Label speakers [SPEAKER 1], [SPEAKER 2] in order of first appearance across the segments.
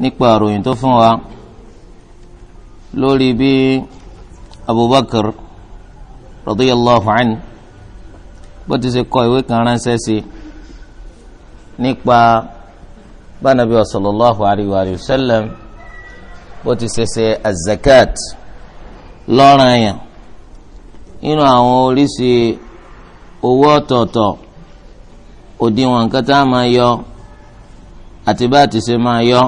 [SPEAKER 1] nípa àròyìn tó fún wa lórí bí Abubakar radiyallahu anhu bó ti ṣe kọ ìwé kan ránṣẹ́ sí nípa bánabi sallallahu alayhi wa sallam bó ti ṣe ṣe azakat lọ́ràn yẹn nínú àwọn oríṣi owó ọ̀tọ̀ọ̀tọ̀ òdiwọ̀n nǹkan máa yọ àti bá ti ṣe máa yọ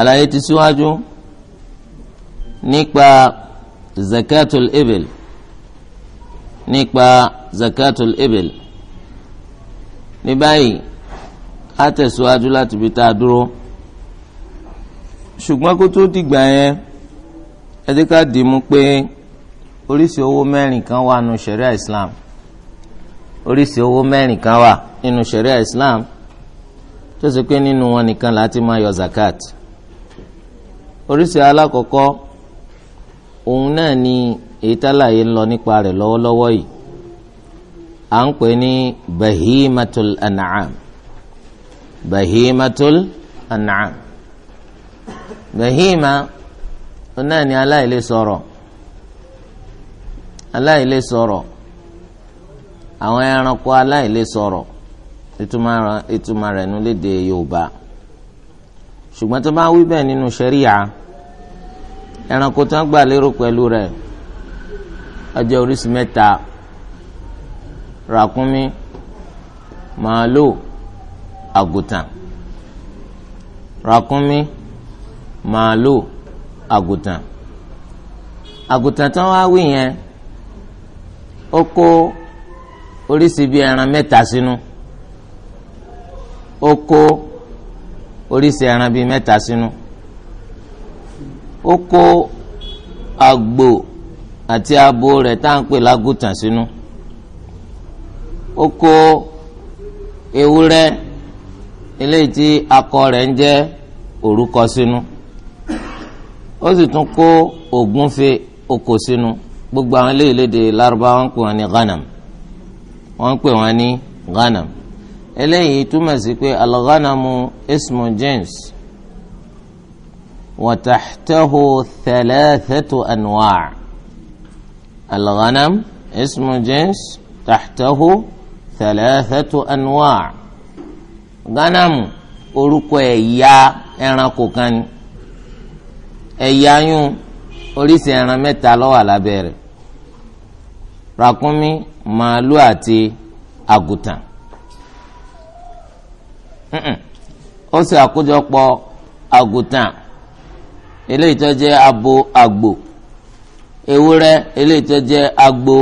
[SPEAKER 1] àlàyé ti síwájú nípa zakatul ibil nípa zakatul ibil ní báyìí á tẹ̀síwájú láti bí tá a dúró ṣùgbọ́n kó tó dìgbà yẹn ẹ ká dì mú pé oríṣi owó mẹ́rin kan wà nínú ṣẹ̀ríà Islam oríṣi owó mẹ́rin kan wà nínú ṣẹ̀ríà Islam tó ṣe pé nínú wọn nìkan láti máa yọ zakat oríṣi alákọ̀ọ́kọ́ òun náà ni èyí tálàyé ń lọ nípa rẹ̀ lọ́wọ́lọ́wọ́ yìí à ń pè ní bahimatul an'am bahimatul an'am bahima òun náà ni aláìlè sọ̀rọ̀ aláìlè sọ̀rọ̀ àwọn ẹranko aláìlè sọ̀rọ̀ ìtumọ̀ rẹ̀ nílẹ̀ de Yorùbá ṣùgbọ́n tó bá wí bẹ́ẹ̀ nínú ṣẹ́ríyà. No ẹranko tí wọ́n gbà lérò pẹ̀lú rẹ̀ ọjọ́ oríṣi mẹ́ta ràkúnmí màálù àgùtàn ràkúnmí màálù àgùtàn àgùtàn tí wọ́n wí yẹn ó kó oríṣi bíi ẹran mẹta sínú ó kó oríṣi ẹran bíi sínú. ó kó àgbò àti abo rẹ̀ tá à ń pè lágùtàn sínú ó kó ewúrẹ́ eléyìí tí akọ rẹ̀ ń jẹ́ òrúkọ sínú ó sì tún kó ògúnfe okò sínú gbogbo àwọn eléyìí léde lárúbáwá ń pè wọn ní ghanam wọn pè wọn ní ghanam eléyìí túmọ̀ sí pé alghanamu ismu james وتحته ثلاثة أنواع الغنم اسم جنس تحته ثلاثة أنواع غنم orúkọ ẹ̀yà ẹranko kan ni ẹ̀yà yún oríṣi ẹran mẹ́ta ló wà lábẹ́ rẹ̀ ràkúnmí màálù àti àgùtàn ó sì àkójọpọ̀ àgùtàn eléyìí tó jẹ́ abo àgbò ewúrẹ́ eléyìí tó jẹ́ agbo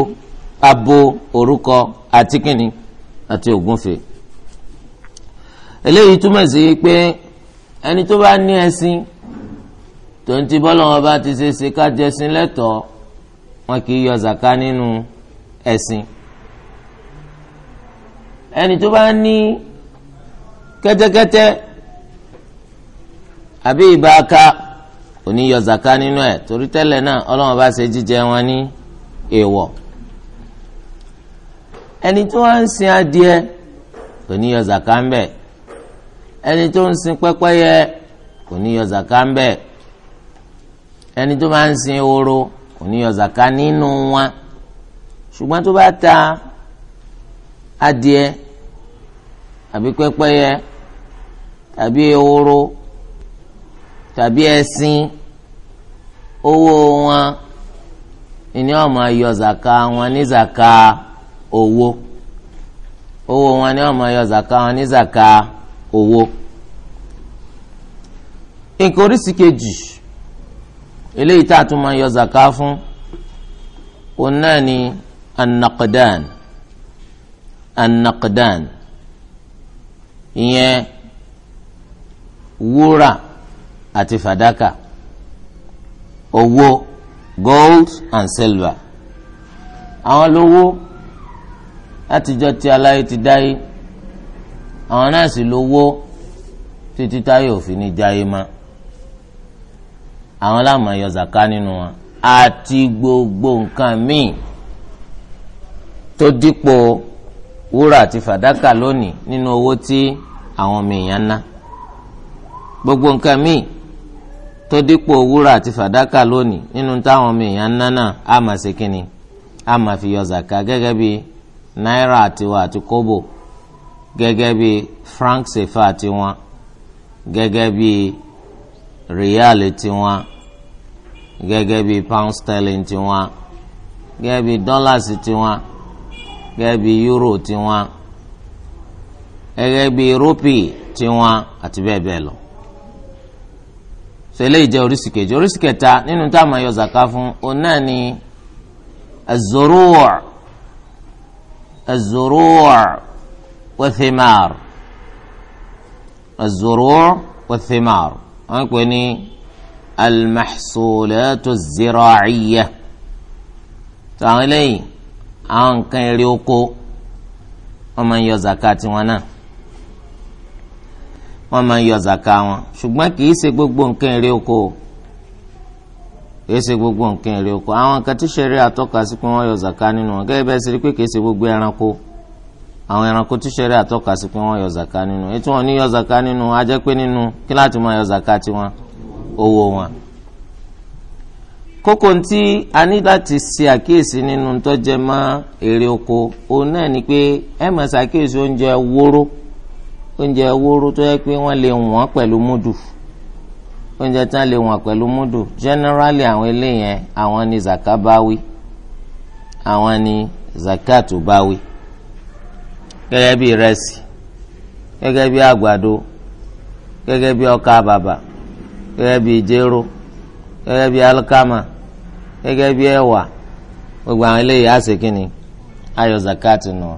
[SPEAKER 1] abo orúkọ àti kìnnì àti ògúnfe eléyìí túmọ̀ sí pé ẹni tó bá ní ẹṣin tó ń ti bọ́lọ̀ wọn bá ti ṣe ṣe ká jẹṣin lẹ́tọ̀ọ́ wọn kì í yọ zaka nínú ẹṣin ẹni tó bá ní kẹ́tẹ́kẹ́tẹ́ àbí ìbáka. oníyọ zaka nínú ẹ̀ torí tẹ́lẹ̀ náà ọlọ́run bá ṣe jíjẹ wọn ní èèwọ̀ ẹni tó wá ń sin adìẹ kò ní yọ zaka ń bẹ̀ ẹni tó ń sin pẹ́pẹ́yẹ kò ní yọ zaka ń bẹ̀ ẹni tó máa ń sin ehoro kò ní yọ nínú wọn ṣùgbọ́n tó bá ta adìẹ àbí pẹ́pẹ́yẹ tàbí ehoro. tàbí ẹṣin owó wọn ni wọ́n máa yọ zaka wọn ní zaka owó owó wọn ni wọ́n máa yọ zaka wọn ní zaka owó. nǹkan oríṣi kejì eléyìí tá a tún máa yọ zaka fún òun náà ni anakadan anakadan ìyẹn wúrà àti fàdákà owó gold and silver àwọn lówó látijọ́ tí aláyé ti dáyé àwọn náà sì lówó títí táyé òfin ní jáyé má àwọn láàmú ayọ zaka nínú wọn àti gbogbo nǹkan míì tó dípò wúrà àti fàdákà lónìí nínú owó tí àwọn ọmọ ná gbogbo nǹkan míì tó dípò wúrà àti fàdákà lónìí nínú táwọn ọmọ èèyàn nánà á máa ṣe kínni á máa fi yọ gẹ́gẹ́ bí náírà àtiwọn àti kóbò gẹ́gẹ́ bí franc sefa àtiwọn gẹ́gẹ́ bí riyal tiwọn gẹ́gẹ́ bí pound sterling tiwọn gẹ́gẹ́ bí dollars gẹ́gẹ́ bí euro gẹ́gẹ́ bí rupee àti bẹ́ẹ̀ lọ. sẹlẹ ìjẹ oríṣi kejì oríṣi kẹta nínú tá a máa yọ zaka fún òun náà ni azorua azorua wethimar azorua wethimar wọn pè ní almaḥsulatu ziraciya tàwọn eléyìí àwọn nǹkan èrè oko wọn máa yọ zaka tiwọn náà wọ́n máa ń yọ zaka wọn ṣùgbọ́n kì í ṣe gbogbo nǹkan èrè oko kì í ṣe gbogbo nǹkan èrè oko àwọn nǹkan tí sẹ́rí àtọ́ka sí pé wọ́n yọ zaka nínú wọn gẹ́gẹ́ bẹ́ẹ̀ sì rí pé kì í ṣe gbogbo ẹranko àwọn ẹranko tí sẹ́rí àtọ́ka sí pé wọ́n yọ zaka nínú ètò wọn ní yọ zaka nínú a pé nínú kí láti máa yọ zaka tiwọn owó wọn. kókó tí a ní láti ṣe àkíyèsí nínú tó mọ́ èrè oko òun náà ni pé ẹ máa oúnjẹ wóró oúnjẹ wóró tó yẹ pé wọ́n lè wọ́n pẹ̀lú múdù oúnjẹ tán lè wọ́n pẹ̀lú múdù generally àwọn eléyẹn àwọn ni zaka báwí àwọn ni zakat báwí gẹ́gẹ́ bí rẹ́sì gẹ́gẹ́ bí àgbàdo gẹ́gẹ́ bí ọkà bàbà gẹ́gẹ́ bí jéró gẹ́gẹ́ bí alikama gẹ́gẹ́ bí ẹ̀wà gbogbo àwọn eléyìí á nù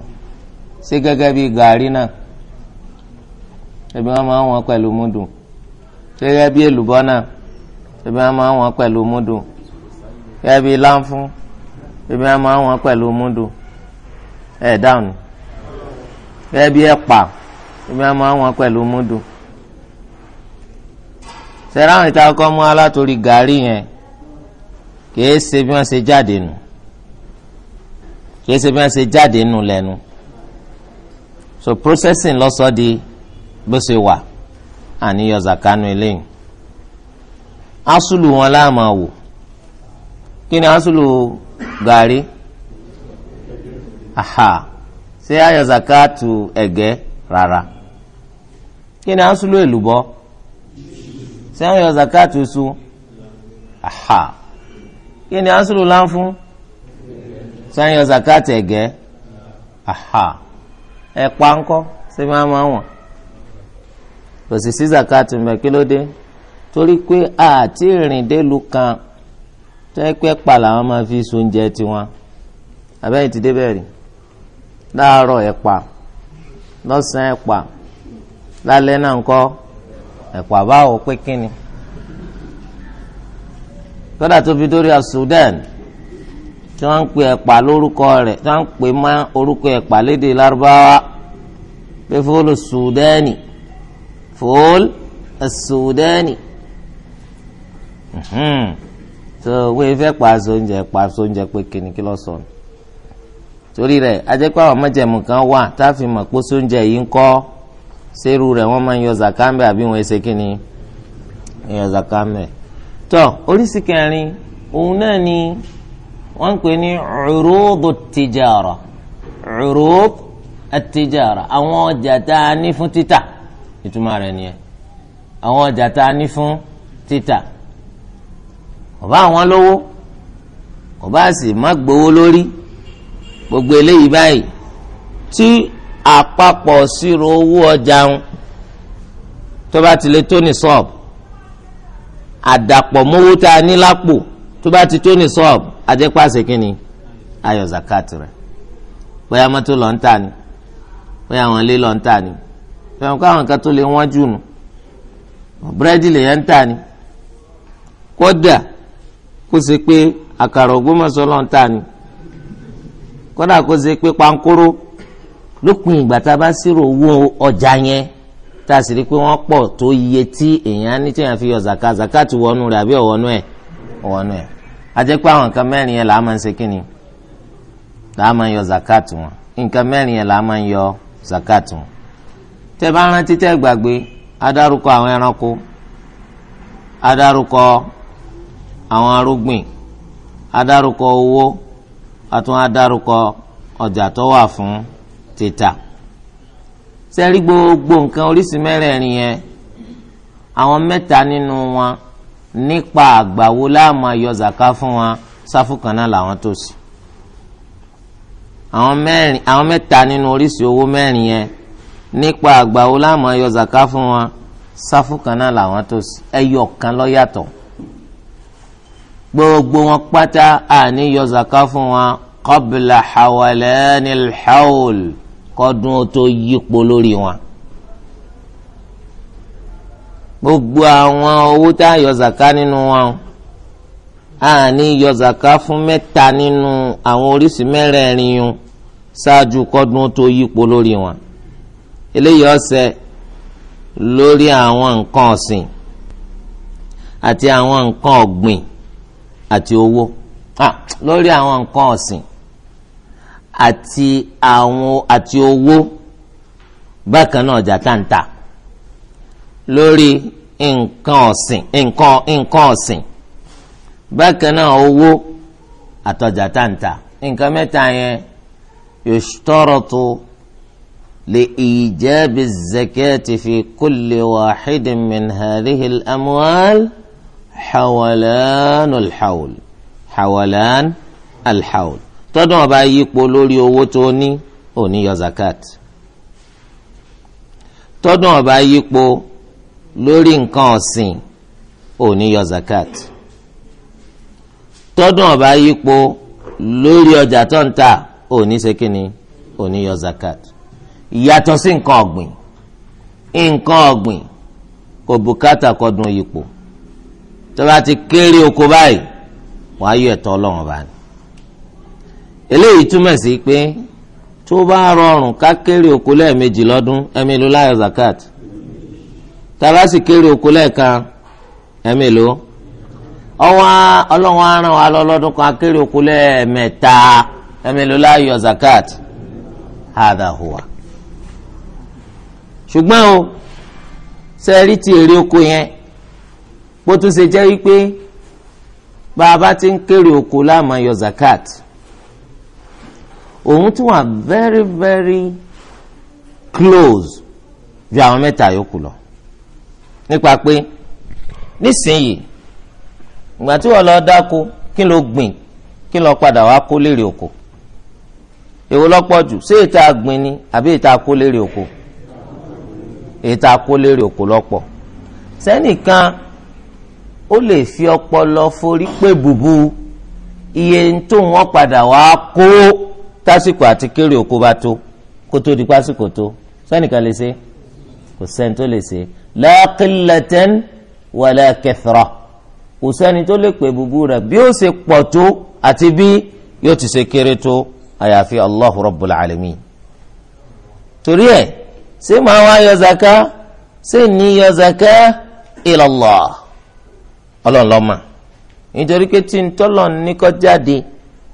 [SPEAKER 1] sí ẹbí wọn máa ń wọn pẹ̀lú múdù gẹ́gẹ́ bí èlùbọ́ náà ẹbí wọn máa ń wọn pẹ̀lú múdù gẹ́gẹ́ bí láǹfún ẹbí wọn máa ń wọn pẹ̀lú múdù ẹ̀ dáhùn gẹ́gẹ́ bí ẹ̀pà ẹbí wọn máa ń wọn pẹ̀lú múdù sẹ́rẹ́ àwọn ìta ọkọ mú alátorí gàárì yẹn kìí ṣe bí wọ́n ṣe jáde nù kìí ṣe bí wọ́n ṣe jáde nù lẹ́nu so processing lọ́sọ̀ọ́ di. bó ṣe wà àníyọ zakanu eléyìí asulu wọn láàmà wò kí ni asulu gàrí aha ṣé ayọ zakatu ẹ̀gẹ́ rárá kí ni asulu èlùbọ́ ṣé ayọ zakatu su aha kí ni asulu láǹfún ṣé ayọ zakatu ẹ̀gẹ́ aha ẹ̀pà ńkọ́ ṣé máa máa wọ̀n. kò sì sí zakati mbẹ kí ló dé torí pé àti ìrìndélu kan tó yẹ pé pa làwọn máa fi sóúnjẹ tiwọn abẹ́yìn ti débẹ̀ rí láàárọ̀ ẹ̀pà lọ́sàn-án ẹ̀pà lálẹ́ náà ń kọ́ ẹ̀pà báwo pé kíni kódà tó fi dórí Sudan tí wọ́n ń pè ẹ̀pà lórúkọ rẹ̀ tí wọ́n ń pè má orúkọ ẹ̀pà lédè lárúbáwá pé fóònù Sudani fúl asudani mm-hmm. so wọ́n fẹ́ pàṣẹ oúnjẹ pàṣẹ oúnjẹ pé kíni kí ló sọ ni torí rẹ̀ ajẹ́pẹ́ àwọn mọ̀jẹ̀mú kan wà tá a fi mọ̀ pé sóúnjẹ yìí ń kọ́ sẹ́rù rẹ̀ wọ́n máa ń yọ zakambe àbí wọ́n ṣe kíni yọ zakambe tó oríṣi kẹrin òun náà ni wọ́n ń pè ní urudu tijara urudu tijara àwọn ọjà tá a ní fún títà ìtumọ̀ rẹ̀ nìyẹn àwọn ọjà tá a ní fún títà kò bá àwọn lówó kò bá sì má gbowó lórí gbogbo eléyìí báyìí tí àpapọ̀ ṣírò owó ọjà ń tó bá ti lè tó ní sọ́ọ̀bù àdàpọ̀ mówó tá a ní lápò tó bá ti tó ní sọ́ọ̀bù adépàṣẹ kínni ayọ̀ zakat rẹ̀ bóyá mọ́tò lọ́ntà ni bóyá àwọn ilé lọ́ntà ni fẹ́ràn káwọn kan tó lè wọ́n jù nù búrẹ́dì lèyàn ń tà ní kódà kó ṣe pé àkàrà Ògbómọ̀ṣọ́ ló ń tà ní kódà kó ṣe pé pankóró lópin ìgbà tá a bá ṣírò owó ọjà yẹn tá a sì rí i pé wọ́n pọ̀ tó iye tí èèyàn ní tí èèyàn fi yọ zaka zaka ti wọnú rẹ̀ àbí ọ̀wọ́nú ẹ̀ ọ̀wọ́nú ẹ̀ a pé àwọn nǹkan mẹ́rin yẹn là máa ń ṣe kí ni là máa ń yọ zaka tiwọn nǹkan mẹ́rin yẹn là máa ń yọ zaka tiwọn tẹ́ bá rántí tẹ́ gbàgbé adarúkọ àwọn ẹranko adarúkọ àwọn arúgbìn adarúkọ owó àtún adarúkọ ọjà tó wà fún títà sẹ́rí gbogbo nǹkan oríṣi mẹ́rẹ̀ẹ̀rin yẹn àwọn mẹ́ta nínú wọn nípa àgbàwo láàmú ayọ zaka fún wọn sáfùkànnà làwọn tó sí àwọn mẹ́ta nínú oríṣi owó mẹ́rin yẹn nípa àgbà wo láàmú ayọ zaka fún wọn sáfù kan náà làwọn tó ẹyọ kan ló yàtọ̀ gbogbo wọn pátá àní yọ zaka fún wọn qabla hawalanil hawl kọ́dún ó tó yípo lórí wọn gbogbo àwọn owó tá yọ zaka nínú wọn àní yọ zaka fún mẹ́ta nínú àwọn oríṣi mẹ́rẹ̀ẹ̀rin yun ṣáájú kọ́dún tó yípo lórí wọn eléyìí ọ̀sẹ̀ lórí àwọn nǹkan ọ̀sìn àti àwọn nǹkan ọ̀gbìn àti owó ah lórí àwọn nǹkan ọ̀sìn àti àwọn àti owó bákan náà ọjà táǹtà lórí nǹkan ọ̀sìn nǹkan nǹkan ọ̀sìn bákan náà owó àtọjà táǹtà nǹkan mẹ́ta yẹn yòṣtọ́rọ̀tò. لإيجاب الزكاة في كل واحد من هذه الأموال حولان الحول حولان الحول tọdún ọba yípo lórí owó tó ní òní yọ zakat tọdún ọba yípo lórí nǹkan ọ̀sìn òní yọ zakat tọdún ọba yípo lórí ọjà tó ń tà òní ṣe kíni òní yọ zakat yàtọ̀ sí nǹkan ọ̀gbìn nǹkan ọ̀gbìn kò bùkátà kọdùn ipò tó bá ti kéré oko báyìí wàá yọ ẹ̀tọ́ ọlọ́run bá ní. eléyìí túmọ̀ sí pé tó bá rọrùn ká kéré oko lẹ́ẹ̀mejì lọ́dún ẹ̀mí ló láyọ̀ zakat tá sì kéré oko lẹ́ẹ̀kan ẹ̀mí ló ọwọ́ ọlọ́run á ràn wá kan kéré oko lẹ́ẹ̀mẹ́ta ẹ̀mí ló láyọ̀ zakat hada huwa ṣùgbọ́n o sẹ́ẹ̀rí ti èrè oko yẹn bó tún ṣe jẹ́ wípé bá a bá ti ń kéré oko láàmú ayọ̀ zakat òun tún wà very very close ju àwọn mẹ́ta yòókù lọ nípa pé nísìnyìí ìgbà tí wọ́n lọ dáko kí ló gbìn kí ló padà wá kó lérè oko èwo lọ́pọ̀ jù ṣé ìta gbìn ni àbí ìta kó lérè oko ètò akólérè òkò lọ́pọ̀ sẹ́nìkan ó lè fi ọpọlọ forí pé bùbù iye tó wọ́n padà wá kó tásìkò àti kéré òkò bá tó kó tó di pásìkò tó sẹ́nìkan lè ṣe kò sẹ́ni tó lè ṣe la qillatan wala kathra kò sẹ́ni tó lè pè bùbù rẹ̀ bí ó ṣe pọ̀ tó àti bí yóò ti ṣe kéré tó àyàfi Allahu Rabbul Alamin torí ẹ̀ ṣé màá wá yọ zaka ṣé ní yọ zaka ilallah ọlọ́run lọ́mà nítorí pé tí n tọ́lọ̀ ní kó jáde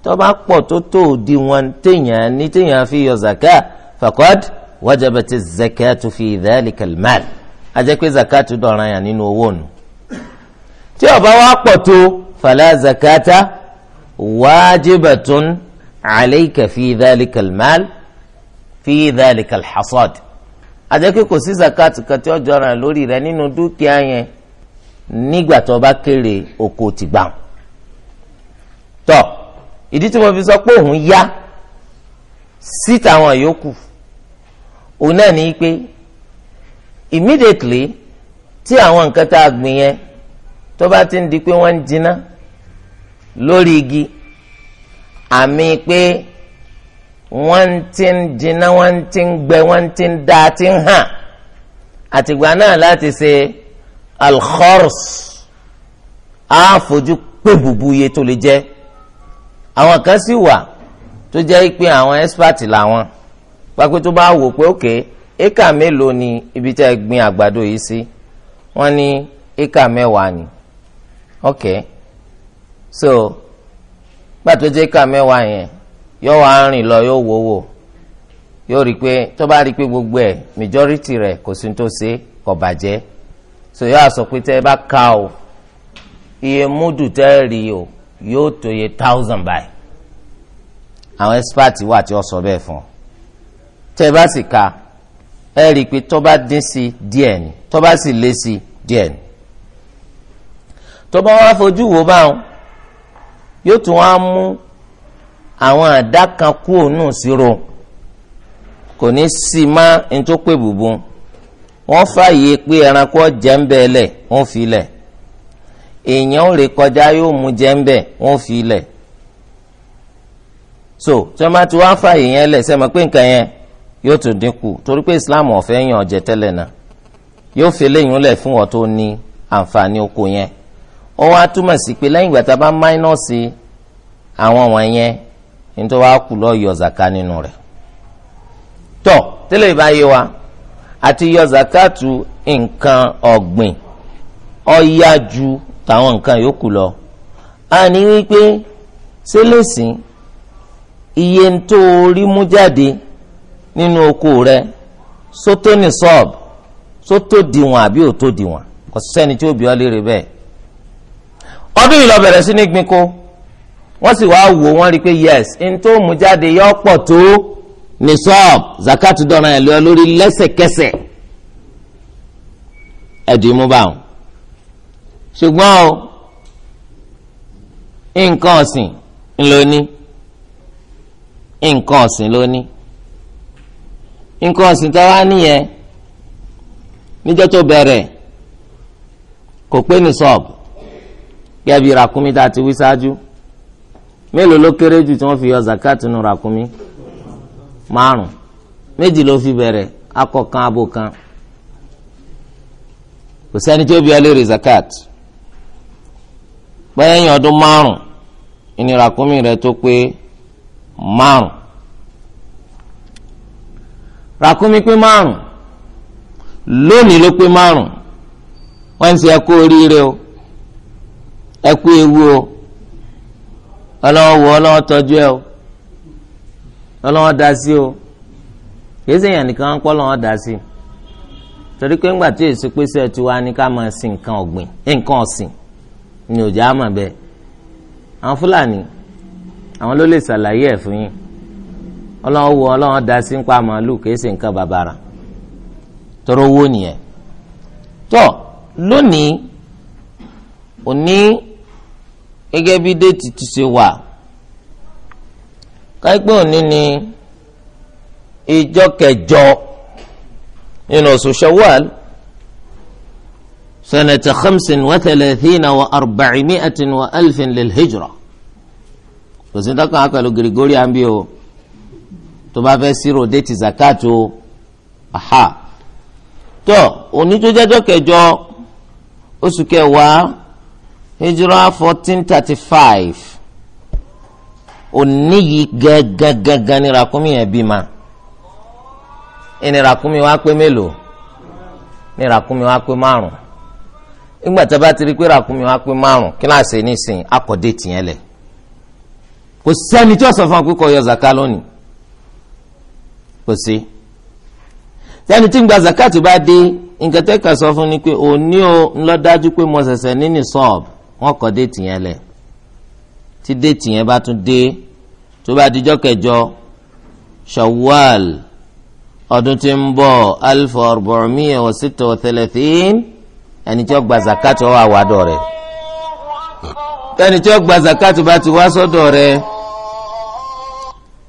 [SPEAKER 1] tó bá pọ̀ tó tó di wọn téèyàn ní téèyàn fi yọ zaka faqad wajabati zakatu fi dhalikal mal ajẹ́ pé zakatu dọ̀ràn yàn nínú owó nu tí ó bá wá tó fala zakata wajibatun alayka fi dhalikal fi dhalikal hasad àjẹkí kò sí zakat kan tí ó jọra lórí rẹ nínú dúkìá yẹn nígbà tó bá kéré oko ti gbà tọ ìdí tí mo fi sọ pé òun yá síta àwọn yòókù òun náà ní pé immediately tí àwọn nǹkan tá a gbìn yẹn tó bá ti ń di pé wọ́n ń jiná lórí igi àmì pé wọ́n ti ń jiná wọ́n ti ń gbẹ wọ́n ti ń da ti ń hàn àtìgbà náà láti ṣe alkhors á fojú pé bùbú iye tó lè jẹ́ àwọn kan sì wà tó jẹ́ pé àwọn expert làwọn pápẹ́ tó bá wò pé òkè éka mélòó ni ibi tí gbin àgbàdo yìí sí wọ́n ní éka mẹ́wàá ni ok so gbàtó jẹ́ éka mẹ́wàá yẹn yóò wá rìn lọ yóò wò wò yóò rí i pé tó bá rí i pé gbogbo ẹ̀ majority rẹ̀ kò sí tó ṣe kò bàjẹ́ so yóò sọ pé tẹ́ ẹ bá ka o iye múdù tẹ́ ẹ rí o yóò tó iye thousand by àwọn expert wà tí ó sọ bẹ́ẹ̀ fún ọ tẹ́ ẹ bá sì ka ẹ rí i pé tó bá dín sí díẹ̀ ni tó bá sì lé sí díẹ̀ ni tó bá wá fojú wo báwọn yóò tún wá mú àwọn àdá kan kú ònú ìṣirò kò ní sí má ní tó pè bùbùn wọ́n fààyè pé ẹranko jẹ́ ń wọ́n fi lẹ̀ èèyàn rè kọjá yóò mú wọ́n fi so ti wá fààyè yẹn pé nǹkan yẹn yóò tún Islam ọ̀fẹ́ yàn ọ̀jẹ̀ tẹ́lẹ̀ náà yóò fi léyìn fún wọn tó ní àǹfààní oko yẹn ó wá túmọ̀ sí pé lẹ́yìn ìgbà tá a nítorí wàá kù lọ yọ zaka nínú rẹ̀ tọ tẹ́lẹ̀ ìbáyé wa àti yọ zakatu nǹkan ọ̀gbìn ọ̀yá ju tàwọn nǹkan yòókù lọ a ní wípé sẹlẹsìn iye tó rí mú jáde nínú oko rẹ̀ sótó ní sọọb sótó diwọn àbí òtó diwọn kò sẹ́ni tí ó bí ọ lérè bẹ́ẹ̀ ọdún yìí lọ bẹ̀rẹ̀ sí ní gbìn kó wọ́n sì wá wò wọ́n rí i pé yes n tó mú jáde yọ pọ̀ tó nisab zakatu dọ̀ràn ẹ̀ lọ lórí lẹ́sẹ̀kẹsẹ̀ ẹ̀dùn imú bá wọn. ṣùgbọ́n o nǹkan ọ̀sìn ló ní nǹkan ọ̀sìn ló ní nǹkan ọ̀sìn tó wá nìyẹn níjọ́ tó bẹ̀rẹ̀ kò pé nisab gẹ́gẹ́ bí rakumi tá a ti wí ṣáájú mélòó ló kéré jù tí wọ́n fi yọ zakat nù ràkúnmí márùn méjì ló fi bẹ̀rẹ̀ akọ kan abo kan kò sẹ́ni tí ó bí ọ léèrè zakat pẹ́yìn ọdún márùn ni ràkúnmí rẹ̀ tó pé márùn ràkúnmí pé márùn lónìí ló pé márùn wọ́n ń ṣe ẹkú oríire o ẹkú ewu o ọlọ́wọ́ wo ọlọ́wọ́ tọ́jú ẹ o ọlọ́wọ́ dá sí o kìí sèyàn nìkan ń pọ́ lọ́wọ́ dá sí torí pé ńgbà tí èsì pèsè ẹ̀ tí wàá ní ká máa sin nǹkan ọ̀gbìn nǹkan ọ̀sìn ni òjò á mà bẹ́ẹ̀ àwọn fúlàní àwọn ló lè ṣàlàyé ẹ̀ fún yín ọlọ́wọ́ wo ọlọ́wọ́ sí ń pa màálù kìí nǹkan bàbàrà tọrọ owó nìyẹn Tọ, lónìí òní gẹ́gẹ́ bí déètì ti ṣe wà káìpẹ́ òní ni ìjọ kẹjọ nínú oṣù Shawwal sanata khamsin wa thalathina wa arba'imiatin wa alfin lil hijra kò sí dákan akọlù gírígórí àmì o tó bá fẹ́ sírò déètì zakat aha tó òní kẹjọ oṣù kẹwàá hijira fourteen thirty five òní yìí gẹ́gẹ́gẹ́gẹ́ ní ràkúnmí yẹn bímọ ìní ràkúnmí wa pé mélòó ní ràkúnmí wa pé márùn nígbà tí a bá ti rí pé ràkúnmí wa pé márùn kíláàsì nísìnyí akọ̀dé tìyẹn lẹ̀ kò sẹ́ni tí ó sọ fún akókò yọ zaka lónìí kò sí tẹ́ni tí gba zakati bá dé nǹkan tẹ́ sọ fún ni pé òní o ńlọ dájú pé mo ṣẹ̀ṣẹ̀ ní sọ́ọ̀bù wọ́n kọ déètì yẹn lẹ̀ tí déètì yẹn bá tún dé tó bá dijọ́ kẹjọ shawwal ọdún tí ń bọ̀ alfa arba'miya wa sitta wa thalathin ẹni tí ó gba zakat ó wà wádọ̀ rẹ̀ tẹni tí ó gba zakat bá ti wá sọ́dọ̀ rẹ̀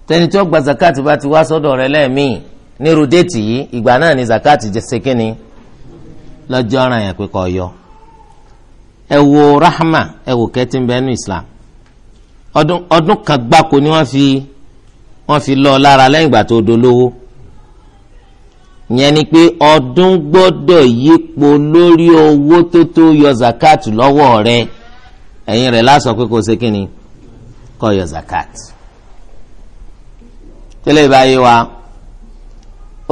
[SPEAKER 1] tẹni tí ó gba zakat bá ti wá sọ́dọ̀ rẹ̀ lẹ́ẹ̀mí nírú déètì yìí ìgbà náà ni zakat jẹ́ ṣe kínni lọ́jọ́ ọ̀ràn yẹn pé kó yọ ẹ wo rahma ẹ wo kẹtí bẹ nu islam ọdún ọdún kan gbáko ni wọ́n fi wọ́n fi lọ lára lẹ́yìn ìgbà tó dolówó yẹn ni pé ọdún gbọ́dọ̀ yípo lórí owó tó tó yọ zakat lọ́wọ́ rẹ̀ ẹ̀yin rẹ̀ lásọ pé kò ṣe kí ni kó yọ zakat tẹ́lẹ̀ báyìí wa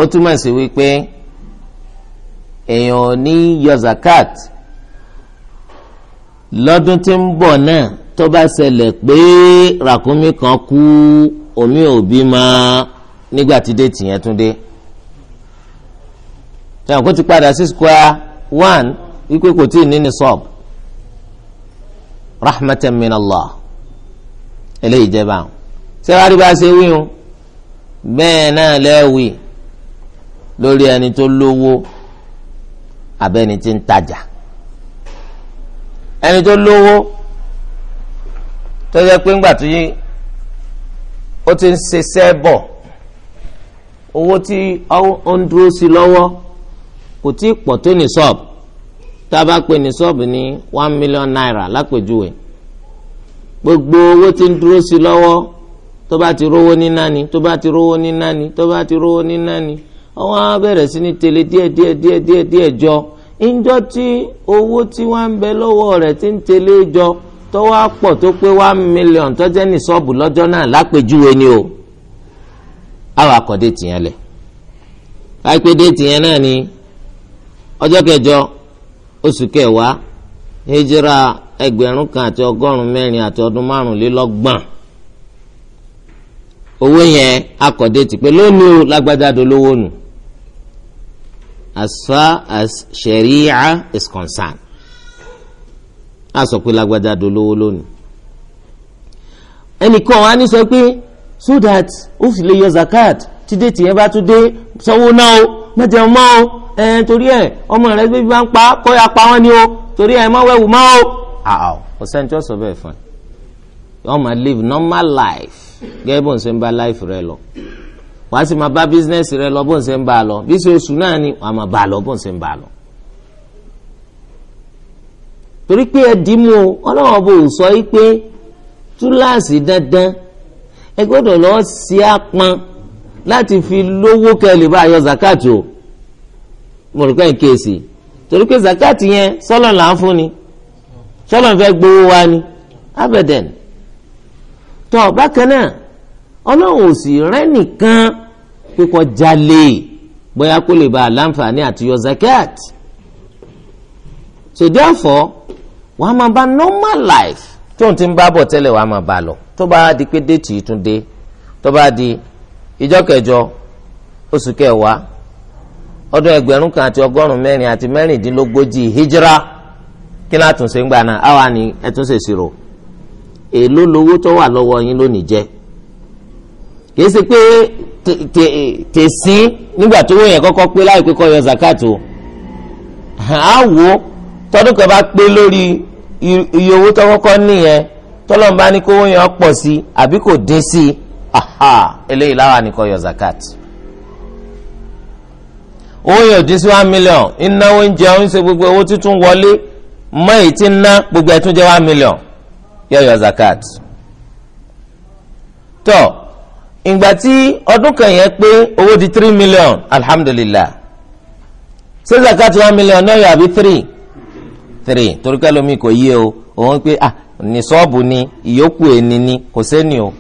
[SPEAKER 1] ó túmọ̀ sí wípé èèyàn ò ní yọ zakat lọ́dún tí ń bọ̀ náà tó bá ṣẹlẹ̀ pé ràkúnmí kan kú omi ò bímọ nígbà tí déètì yẹn tún dé tẹ̀wọ̀n kó ti padà sí square one wípé kò tí ì ní ní sọ́ọ̀b rahmatan min Allah eléyìí jẹba sẹ́wárí bá ṣe wíhun bẹ́ẹ̀ náà lẹ́wì lórí ẹni tó lówó abẹ́ni tí ń tajà ẹni tó lówó tó yẹ pé ńgbà tó yí ó ti ń ṣiṣẹ́ bọ̀ owó tí ó ń dúró sí lọ́wọ́ kò tí ì pọ̀ tó ní sọ́ọ̀bù tá a bá pè ní sọ́ọ̀bù ní one million naira lápèjúwe gbogbo owó tí ń dúró sí lọ́wọ́ tó bá ti rówó ní náni tó bá ti rówó ní náni tó bá ti rówó ní náni ó wá bẹ̀rẹ̀ sí ní tẹ̀lé díẹ̀ díẹ̀ díẹ̀ díẹ̀ díẹ̀ jọ ńjọ́ tí owó tí wọn ń bẹ lọwọ rẹ ti ń tẹ̀lé jọ tọ́wọ́ pọ̀ tó pé one million tọ́jẹ́ ní sọ́ọ̀bù lọ́jọ́ náà lápèjúwe ni o àwọn àkọ́dé tìyẹn lẹ̀ láìpẹ́ déètì yẹn náà ni ọjọ́ kẹjọ oṣù kẹwàá hijira ẹgbẹ̀rún kan àti ọgọ́rùn-ún àti ọdún márùnlélọ́gbọ̀n owó yẹn akọ̀dé ti pé lónìí o lágbájá dolówó nù. as far as sharia is concerned a sọ pé lágbájá dolówó lónìí ẹnìkan wa ní sọ pé so that ó fi lè yọ zakat tídé tìyẹn bá tún dé sanwó náà o mẹjẹ mọ o ẹ torí ẹ ọmọ rẹ bí bá ń pa kọ́ ya pa wọ́n ni o torí ẹ mọ wẹ̀wù mọ́ o. àà kò sẹ́ni tí ó bẹ́ẹ̀ fún ẹ ọmọ live normal life gẹ́gẹ́ bó ń ṣe ń bá life rẹ lọ wàá sì máa bá bísínẹ́sì rẹ lọ bó ń ṣe ń bá a lọ bí ṣe oṣù náà ni wàá máa bá a lọ bó ń ṣe ń bá a lọ. torí pé ẹdí mú o ọlọ́wọ́n bò sọ yìí pé túláàsì dandan ẹ gbọ́dọ̀ lọ́ọ́ sí apọn láti fi lówó kẹ́lẹ́ bá a zakati o mo rí pé kéèsì torí pé zakati yẹn sọ́lọ̀ là ń fún ni sọ́lọ̀ fẹ́ gbowó wa ni abẹ́dẹ̀n tọ́ bákan náà ọlọ́run ò sì rẹ́ kíkọ́ jalè bóyá kó lè ba àlàǹfààní àti yọ zakat so therefore wàá máa ba normal life tó ń ti ń bá bọ̀ tẹ́lẹ̀ wàá máa lọ tó bá di pé déètì yìí tún dé tó bá di ìjọ oṣù kẹwàá ọdún ẹgbẹ̀rún kan àti ọgọ́rùn-ún mẹ́rin tẹ̀sín nígbà tó wọ́n yẹn kọ́kọ́ pé láì pé kọ́ yọ zakato á wò ó tọdún kan bá pé lórí iye owó tó kọ́kọ́ nìyẹn tọ́lọ́n bá ní kó wọ́n yẹn pọ̀ sí àbí kò dín sí eléyìí láwa ni kọ́ yọ zakato owó yẹn ò dín sí one million ìnáwó ń jẹun gbogbo owó tuntun wọlé mọ́ èyí tí ń ná gbogbo ẹ̀ tún jẹ́ one million yọ yọ zakat tọ́ ìgbà tí ọdún kan yẹn pé owó di three million alhamdulilah ṣé zakati one million náà yọ àbí three three torí ká lómi kò yé o òun pé ah ní sọ́ọ̀bù ni ìyókù ẹni ni kò sẹ́ni o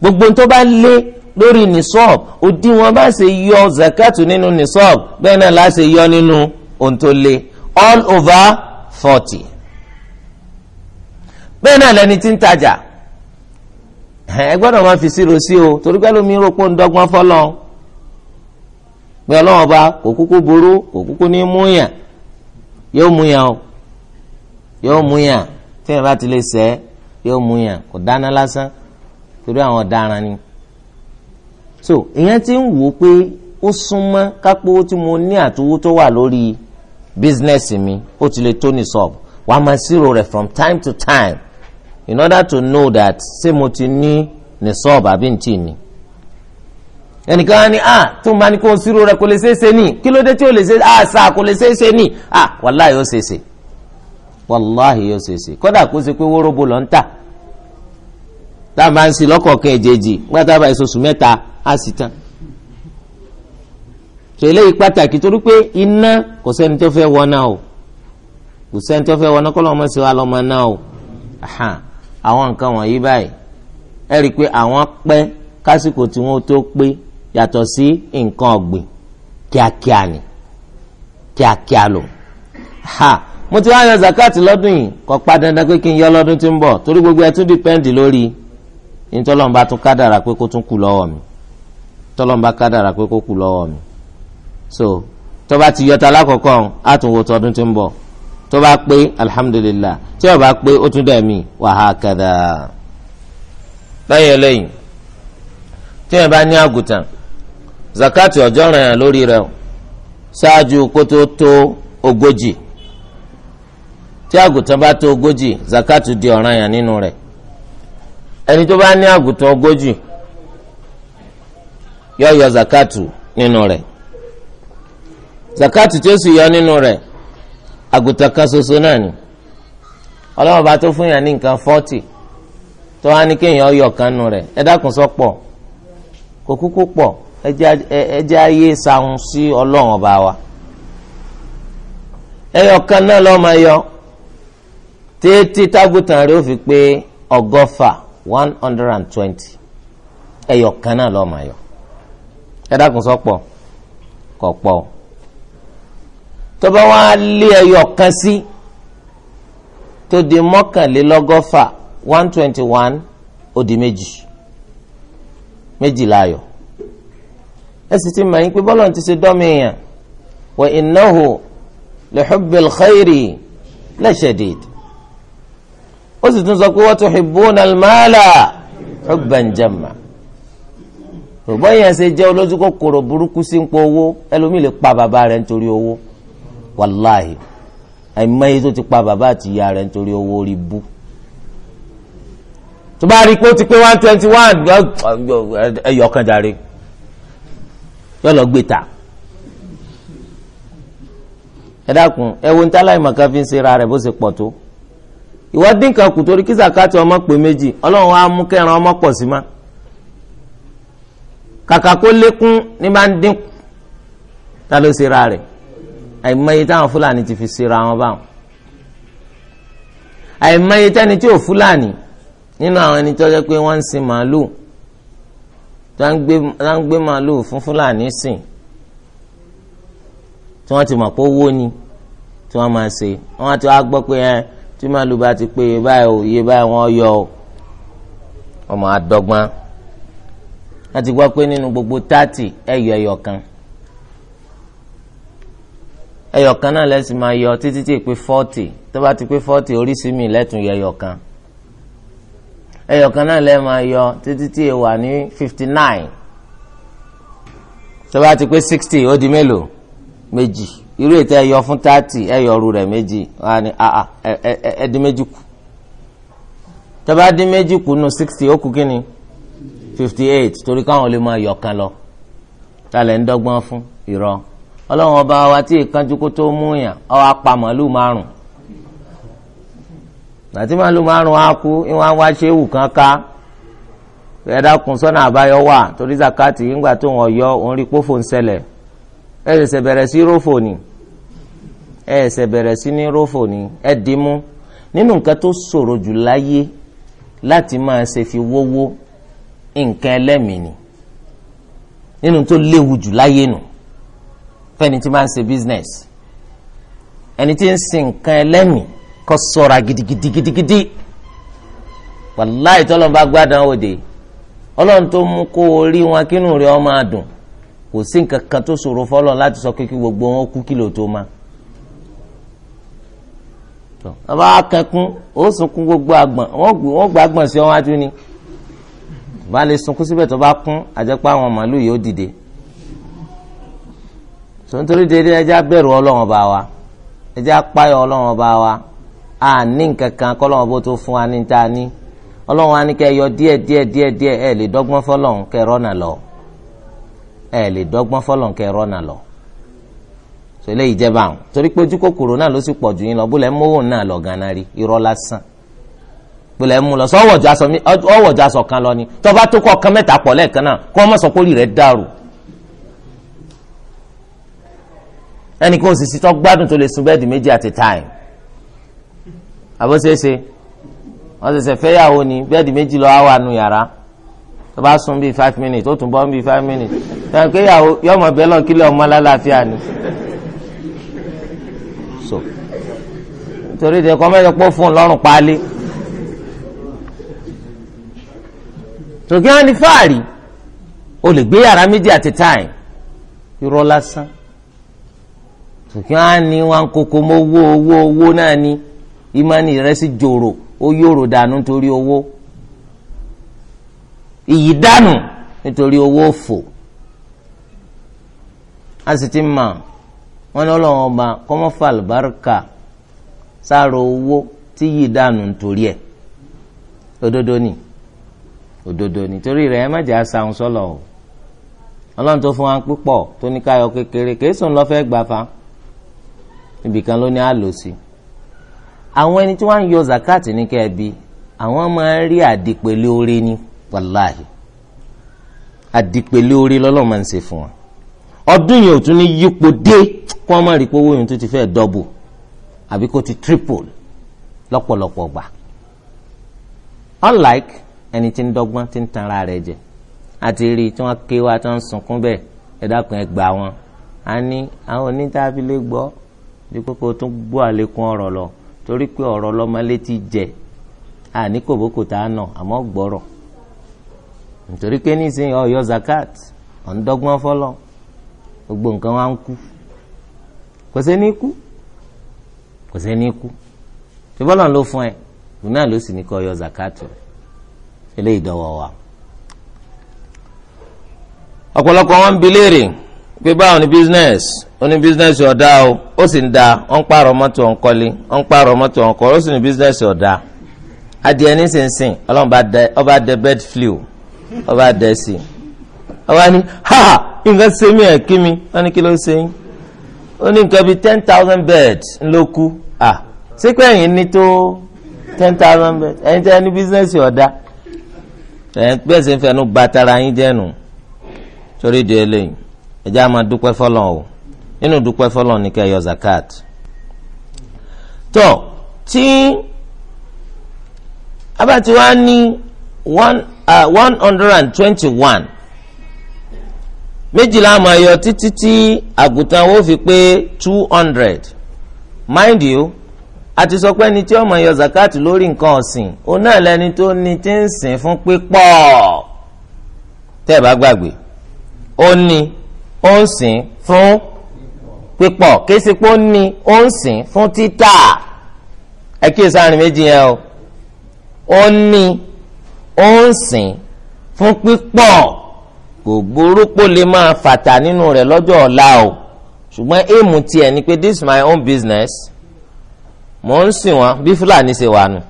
[SPEAKER 1] gbogbo tó bá lé lórí nisọ́ọ̀b òdiwọ̀n bá ṣe yọ zakatu nínú nisọ́ọ̀b bẹ́ẹ̀ náà la ṣe yọ nínú ohun tó lé all over forty bẹ́ẹ̀ náà lẹni tí ń tajà ẹ gbọ́dọ̀ máa fi síro sí o torí pé lómi rògbò ń dọ́gbọ́n fọlọ́ pé ọlọ́wọ́n bá kò kúkú burú kò kúkú ní múyàn yóò múyàn o yóò múyàn tí yẹn bá ti lè sẹ́ yóò múyàn kò dáná lásán torí àwọn ọ̀daràn ni so ìyẹn ti ń wò ó pé ó súnmọ́ kápó tí mo ní àtúwó tó wà lórí bísínẹ́sì mi ó ti lè tó ní sọ̀bù wàá máa ṣírò rẹ̀ from time to time in order to know that ṣé mo ti ní nisọ́ọ̀bù àbí ntì ni ẹnìkan á ní à tó máa ní kó o sírò rẹ kò lè ṣeéṣe ní kí ló dé tí o lè ṣe à sá kò lè ṣeéṣe ní à wàláhì yóò ṣeéṣe wàláhì yóò ṣeéṣe kódà kó ṣe pé wóróbo lọ ń tà tá a máa ń sin lọ́kọ̀ọ̀kan èjèèjì gbàtà bá ìṣoṣù mẹ́ta á sì tán tó eléyìí pàtàkì torí pé iná kò sẹ́ni tó fẹ́ wọ́n náà o kò sẹ́ni tó fẹ́ wọ́n náà kọ́ lọ́mọ sí wa lọ́mọ náà o àwọn nǹkan wọ̀nyí báyìí ẹ rí i pé àwọn pẹ́ kásìkò tí wọ́n tó pé yàtọ̀ sí nǹkan ọ̀gbìn kíákíá ni kíákíá lò ha mo ti wá yan zakat lọ́dún yìí kò pa dandan pé kí n yọ lọ́dún tí ń bọ̀ torí gbogbo ẹ tún dìpẹ́ǹdì lórí ntọ́lọ́mùbá tún kádàrà pé kó tún kù lọ́wọ́ mi tọ́lọ́mùbá kádàrà pé kó kù lọ́wọ́ mi so tọ́ba ti yọta lákọ̀ọ́kọ́ àtúnwò tọdún tí ń bọ̀ tó bá pé alhamdulillah tí ó bá pé ó tún dẹ̀ mí wàhálà kàdà lẹ́yìn lẹ́yìn tí ẹ bá ní àgùtàn zakati ọjọ́ rẹ̀ lórí rẹ̀ ṣáájú kó tó tó ogójì tí àgùtàn bá tó ogójì zakatu di ọ̀ranyàn nínú rẹ̀ ẹni tó bá ní àgùtàn ogójì yóò yọ zakatu nínú rẹ̀ zakatu tó sì yọ nínú rẹ̀ àgùntàn soso ṣoṣo náà ni ọlọ́wọ́n bá tó fún yàn ní nǹkan fọ́tì tó wá ní kéèyàn ọyọ kan nù rẹ̀ ẹ dákun sọ pọ̀ kò kúkú pọ̀ ẹ jẹ́ ayé sahun sí ọlọ́wọ́n bá wa ẹyọ kan náà lọ́ọ́ máa yọ títí tágùtàn rẹ̀ ó fi pé ọgọ́fà one hundred and twenty ẹyọ kan náà lọ́ọ́ máa yọ ẹ dákun sọ pọ̀ kọ̀ pọ̀ tó bá wá lé ẹyọ kan sí tó di mọ́kànlélọ́gọ́fà one twenty one ó di méjì méjìlá ayọ̀ ẹ sì ti mọ̀ yín pé bọ́lá ti ṣe dọ́mi èèyàn wa innahu li hubbil khayri ó sì tún sọ pé wa tuhibbuna al-mala hubban jamma rògbọ́n yẹn ṣe jẹ́ olójú kòkòrò burúkú sí ń pọ̀ owó ẹlòmíì lè pa bàbá rẹ̀ nítorí owó wàláhì àìmọye tó ti pa bàbá àti ìyá rẹ̀ nítorí owó orí bú tó bá rí i pé ó ti pé one twenty one ẹyọ kan jàre yóò lọ gbé ta ẹ dákun ẹ wo ní táláì màkà fi ń ṣe ra rẹ̀ bó ṣe pọ̀ tó ìwọ dín kan kù torí kí sàkáàtì ọmọ pé méjì ọlọ́run á mú kẹran ọmọ pọ̀ sí ma kàkà kó lékún ní máa ń dínkù ta ló ṣe ra rẹ̀ àìmọye táwọn fúlàní ti fi síra wọn báwọn àìmọye tẹni tí ò fúlàní nínú àwọn ẹni tó jẹ́ pé wọ́n ń sin màálù tó ń gbé màálù fún fúlàní sìn tí wọ́n ti mọ̀ pé owó ni tí wọ́n máa ṣe wọ́n ti wá gbọ́ pé ẹ tí màálù bá ti pé báyìí ò yé báyìí wọ́n yọ ọmọ àdọ́gbọ́n láti gbọ́ pé nínú gbogbo tààtì ẹ yọ kan ẹyọkan náà lẹ́sìn máa yọ títí tí pé fọ́ọ̀tì tó bá ti pé fọ́ọ̀tì oríṣìí mi lẹ́tùn yọ ẹyọkan ẹyọkan náà lẹ́ máa yọ títí tí wà ní fifty nine tó bá ti pé sixty ó di mélòó méjì irú ètò ẹyọ fún thirty ẹyọrú rẹ̀ méjì wà ní ah, ah, ẹdí méjì kù tó bá dín méjì kù nù sixty ó kù kí ni fifty eight torí káwọn lè máa yọkan lọ tá a lè ń dọ́gbọ́n fún irọ́ ọlọ́run ọba wa tí ìkanjú kó tó mú yàn ọ wá pa màálù márùn àti màálù márùn á kú ìwọ̀n wá ṣe wù kán ká ẹ dákun sọ́nà àbáyọ wà torí zakati ńgbà tó wọ́n yọ òun rí pófò ń ṣẹlẹ̀ ẹ ṣẹ̀ṣẹ̀ bẹ̀rẹ̀ sí rófò ni ẹ ṣẹ̀ṣẹ̀ bẹ̀rẹ̀ sí ní rófò ni ẹ dì mú nínú nǹkan tó ṣòro jù láyé láti máa ṣe fi wówó nǹkan ẹlẹ́mìí nínú tó léwu jù láyé nù. No fẹ́ni tí máa ń ṣe business ẹni tí ń sin nǹkan ẹlẹ́mìí kó ṣọ́ra gidigidi gidigidi wàláì tọ́lọ́n bá gbádùn òde ọlọ́run tó mú kó o rí wọn kínú rẹ̀ ọ máa dùn kò sí nǹkan kan tó ṣòro lati láti sọ kí gbogbo wọn kú kìlò tó máa akẹkùn ó sunkún gbogbo àgbọn gba àgbọn sí ni bá lè sunkún síbẹ̀ tó bá kún àjẹpá tontori dédé ẹjẹ abẹ̀rù ọlọ́run bá wa ẹjẹ apáyọ ọlọ́run bá wa a ní nkankan kọ́lọ́run bó tó fún wa ní ta ní ní kẹ́ díẹ̀ díẹ̀ díẹ̀ díẹ̀ lè dọ́gbọ́n fọ́lọ́run torí pé ojú náà ló sì pọ̀ ju yín náà lọ gánà rí irọ́ lásán sọ kan ni tó náà ẹnì kan sì sí tó gbádùn tó lè sun bẹ́ẹ̀dì méjì àti táìm àbọ̀ṣeṣe wọ́n ṣẹ̀ṣẹ̀ fẹ́yàwó ni bẹ́ẹ̀dì méjì lọ́wọ́ wà nù yàrá tó bá sùn bíi five minutes ó tún bọ́ bíi five minutes tẹ̀wọ́n pé yàwó yọmọ bẹ́ẹ̀ lọ kílẹ̀ ọmọ lálàáfíà ni so torí de kọ́ mẹ́jọ pọ̀ fún un lọ́rùn páálí tòkí wọn ni fáàrí o lè gbé yàrá méjì àti táìm irọ́ lásán ṣùgbọ́n á ní wọn kókó mọ́ owó owó owó náà ni ìmánì rẹ sì jòrò ó yòrò dànù nítorí owó iyì dànù nítorí owó òfò a sì ti mọ̀ wọn ní ọlọ́run ọba kọ́mọ́fà àlùbáríkà sáàrò owó tí yìí dànù nítorí ẹ̀ òdodo ni òdodo ni torí rẹ̀ ẹ má jẹ́ àṣà òun o ọlọ́run tó fún wa púpọ̀ tó ní káyọ̀ kékeré kèésùn lọ́fẹ́ gbàfa ibìkan ló ní àlò sí àwọn ẹni tí wọ́n ń yọ zakat ní kẹ́ẹ̀bi àwọn máa ń rí àdìpẹ̀lẹ̀ orí ni wàláhì àdìpẹ̀lẹ̀ orí lọ́lọ́ máa ń ṣe fún wọn ọdún yìí ò tún ní yípo dé kó wọ́n má rí pé yìí tó ti fẹ́ dọ́bù àbí kó ti triple lọ́pọ̀lọpọ̀ gbà unlike ẹni tí ń dọ́gbọ́n tí ń tanra rẹ̀ jẹ àti rí tí wọ́n ké wá tí wọ́n ń sunkún bẹ́ẹ̀ ẹ dákun ẹ gbà wọn a ní àwọn onítàbílẹ̀ gbọ́ ní kókó tún gbọ́ àlékún ọ̀rọ̀ lọ torí pé ọ̀rọ̀ lọ́mọ létí jẹ àní kòbókò tá a nà àmọ́ gbọ́rọ̀ nítorí pé nísìnyí ọ̀yọ́ zakat ọ̀ndọ́gbọ́n fọlọ́ gbogbo nǹkan wa ń kú kò sí ní kú kò sí ní kú tí ló fún ẹ òun náà ló sì ní kọ́ ọ̀yọ́ zakatu eléyìí dọ̀wọ̀ wa ọ̀pọ̀lọpọ̀ wọn ń bi léèrè pé báwo ni business ó business ọ̀dà o ó sì ń da ó ń pààrọ̀ mọ́tò ọ̀nkọ́lé ó ń pààrọ̀ mọ́tò ọ̀nkọ́ ó sì ní business ọ̀dà adìẹ nísinsìn ọlọ́run ọba dẹ bed flu ọba dẹ sí ọba ní ha nǹkan ṣe mí ẹ̀ kí mi wọ́n ní kí ló ṣe yín ó ní nǹkan bíi ten thousand beds ló kú à sípò ẹ̀yìn ní tó ten thousand beds ẹ̀yin tẹ́ ní business ọ̀dà ẹ̀yin pẹ̀sẹ̀ ń fẹnu ba tara yín jẹ́nu torí di eléyìí ẹjẹ́ a máa dúpẹ́ fọlọ́n o nínú dúpẹ́ fọlọ́n ní kẹ́ ẹ yọ zakat tó tí abati wa ní uh, one hundred and twenty one méjìlá a máa yọ títí tí àgùntàn wo fi pé two hundred mind you a ti sọ pé ẹni tí ó máa yọ zakat lórí nǹkan ọ̀sìn òun náà lẹni tó ní tí ń sìn fún pípọ̀ tẹ́ ẹ bá gbàgbé ó ní ó fun sìn fún pípọ̀ kése pé ó ní ó ń sìn fún títà ẹ kí èso àrùn méjì yẹn o ó ní ó ń sìn fún pípọ̀ kò burúkú lè máa fàtà nínú rẹ̀ lọ́jọ́ ọ̀la o ṣùgbọ́n èèmù tiẹ̀ ni pé this is my own business mò ń sìn wọn bí fúlàní ṣe wà nù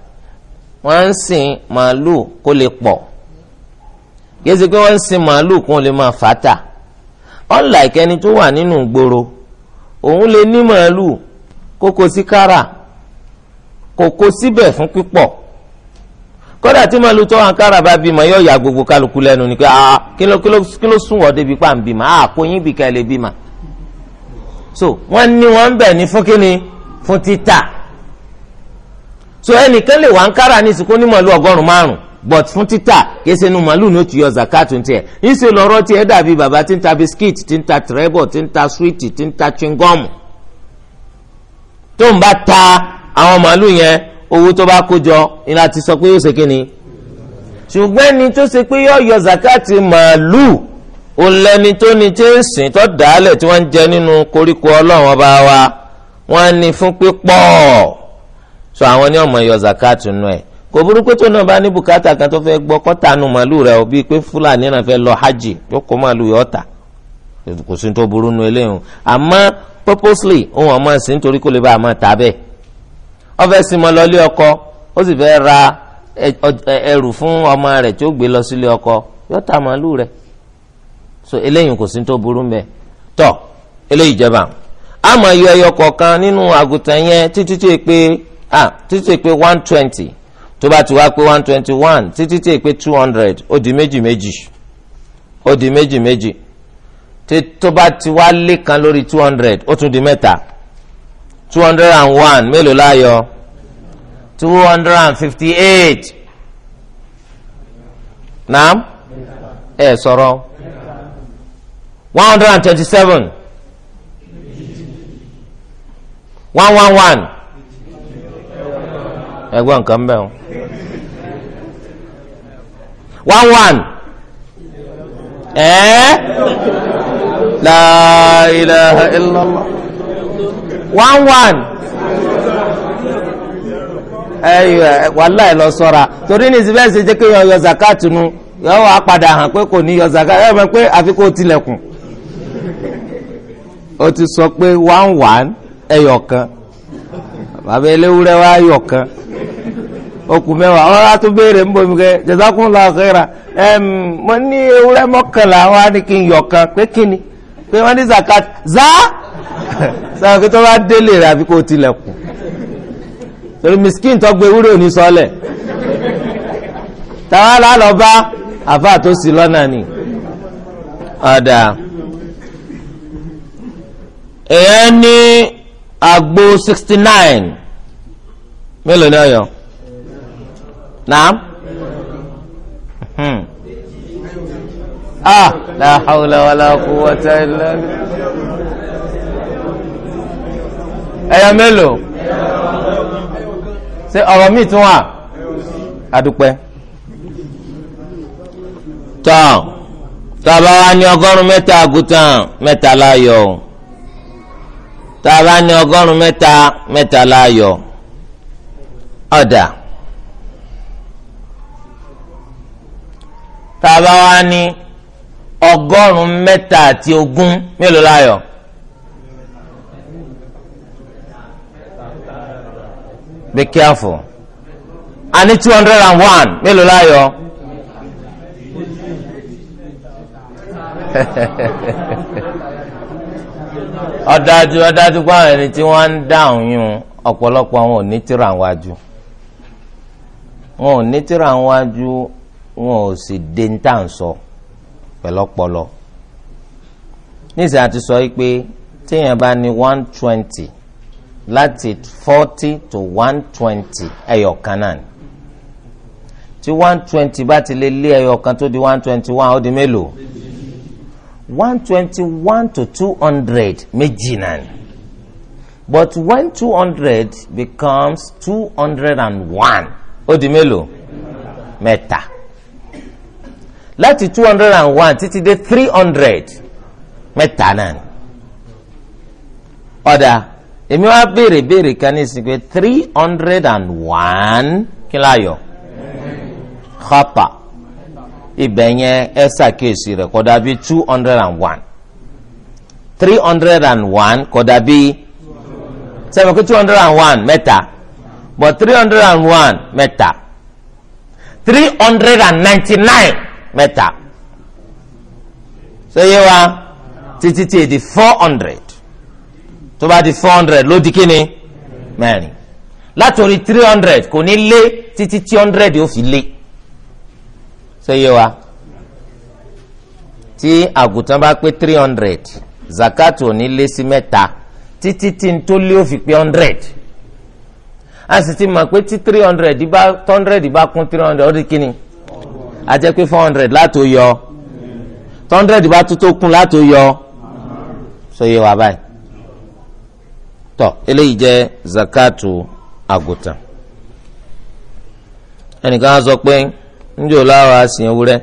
[SPEAKER 1] wọ́n ń sìn màálù kó lè pọ̀ kí èso pé wọ́n ń sìn màálù kó lè máa fàtà unlike ẹni tó wà nínú gbòòrò òun lè ní màálù kókó sí kára kókó síbẹ̀ fún pípọ̀ kódà tí màálù tó wà ń kára bá bímọ yóò yà gbogbo kálukú lẹ́nu ni pé ah, ah, kí ló sún wọ́n débi pa ń bímọ ah kò yín bìkà lè bímọ so wọ́n ní wọ́n ń bẹ̀ ní fún kíni fún títà so ẹnìkan lè wà ń kára ní ìsìnkú ní ọgọ́rùn-ún márùn-ún but fún títà kése nu màálù ní o ti yọ zakatu tiẹ̀ ńṣe lọ́rọ́ tiẹ̀ dàbí bàbá tí ń ta bisikíìtì tí ń ta tìrẹ́bọ̀ tí ń ta suwiti tí ń ta chingọ́mù tó ń bá ta àwọn màálù yẹn owó tó bá kó jọ ni láti sọ pé yóò ṣe kí ni ṣùgbọ́n ẹni tó ṣe pé yóò yọ zakatu màálù olẹ́ni tó ni tí ń sìn tó dàálẹ̀ tí wọ́n ń jẹ nínú koríko ọlọ́run ọba wa wọ́n ní fún pípọ̀ so àwọn ní ọmọ yọ zakatu nù ẹ̀ kò burúkú tó náà bá ní bukata kan tó fẹ́ gbọ́ kọ́ta nu màálù rẹ̀ o bíi pé fúlàní náà fẹ́ lọ hajj tó kó màálù yóò kò sí tó burú nu eléyìí àmọ́ purposely òun ọmọ sí nítorí kó lè bá a máa ọkọ ó sì fẹ́ ra fún ọmọ rẹ̀ tó gbé ọkọ rẹ. so eléyìí kò sí tó tọ eléyìí jẹba àmọ́ ẹyọ kọ̀ọ̀kan nínú àgùntàn yẹn one twenty tó bá ti wá pé one twenty one títí tí èpè two hundred ó di méjì méjì ó di méjì méjì tó bá ti wá lé kan lórí two hundred ó tún di mẹ́ta two hundred and one mélòó láyọ two hundred and fifty eight naam ẹ sọ̀rọ̀ one hundred and twenty seven one one one. ẹgbọ́n nǹkan bẹ́ẹ̀ o one one eh? la ilaha one one ẹyọ wàhálà ẹ lọ torí ní ṣe jẹ́ yọ nu yọ wà padà hàn pé kò o ti sọ pé one one bàbá eléwúrẹ́ wa yọkan kan okùn mẹ́wàá ọ̀rọ̀ a tún béèrè ń bomi kẹ́ jazakumullahu khaira mo ní ewúrẹ́ mọ́kànlá wa ni kí n yọ̀ kan pé kí ni pé wọ́n ní zakat za sáwọn kí tó bá délé rẹ̀ àfi kó tilẹ̀kùn torí miskin tó gbé ewúrẹ́ òní sọ́lẹ̀ tàwa lálọ́ bá àfa tó sí ni agbo sixty nine mélòó ni ọyọ naam hmm. ah la hawla wala quwwata illa ẹyọ mélòó ṣe ọ̀rọ̀ míì tún wà adúpẹ́ tán tàbá wa ní ọgọ́rùn mẹ́ta àgùtàn mẹ́ta láyọ̀ o tá a bá ní ọgọ́rùn-ún mẹ́ta mẹ́ta láàyò ọ̀dà tá a bá wá ní ọgọ́rùn-ún mẹ́ta àti ogún mélòó láàyò. be careful a ní two hundred and one mélòó láàyò. ọ̀dájú ọ̀dájú pé àwọn ẹni tí wọ́n ń dáhùn yún ọ̀pọ̀lọpọ̀ àwọn ò ní tírà wájú wọn ò ní tírà wájú wọn ò sì dé ń tà ń sọ pẹ̀lọpọlọ níṣẹ́ àti sọ pé téèyàn bá ní one twenty láti forty to one twenty ẹyọ kan náà ni tí one twenty bá ti lè lé ẹyọ tó di one twenty one ó di mélòó one twenty one to two hundred méjì náà but when two hundred becomes two hundred and one ó di mélòó mẹ́ta láti two hundred and one títí dé three hundred mẹ́ta náà ni ọ̀dà èmi wá béèrè béèrè kan ní ìsìn three hundred and one kí láyọ̀ xapa ibẹ̀ yẹn ẹ ṣàkíyèsí rẹ̀ kọ́ dàbí two hundred and one three hundred and one kọ́ dàbí sẹ́mi kí two hundred and one mẹ́ta but three hundred and one mẹ́ta three hundred and ninety nine mẹ́ta ṣé yé wa títí tí di four hundred tó bá di four hundred ló di kíni mẹ́rin látòrí three hundred kò ní lé títí tí hundred yóò fi lé ṣé yé wa tí àgùntàn bá pé three hundred zakatu ò ní lé sí mẹ́ta títí tí n tó lé ó pé hundred a sì ti mọ̀ pé tí three hundred bá two hundred bá kún three hundred ó di kíni a jẹ́ pé four hundred láti ó yọ two hundred bá tó tó kún láti ó yọ ṣé wa báyìí tọ eléyìí jẹ́ zakatu àgùntàn ẹnìkan á sọ pé níjọ́ láwọn àsìn ewúrẹ́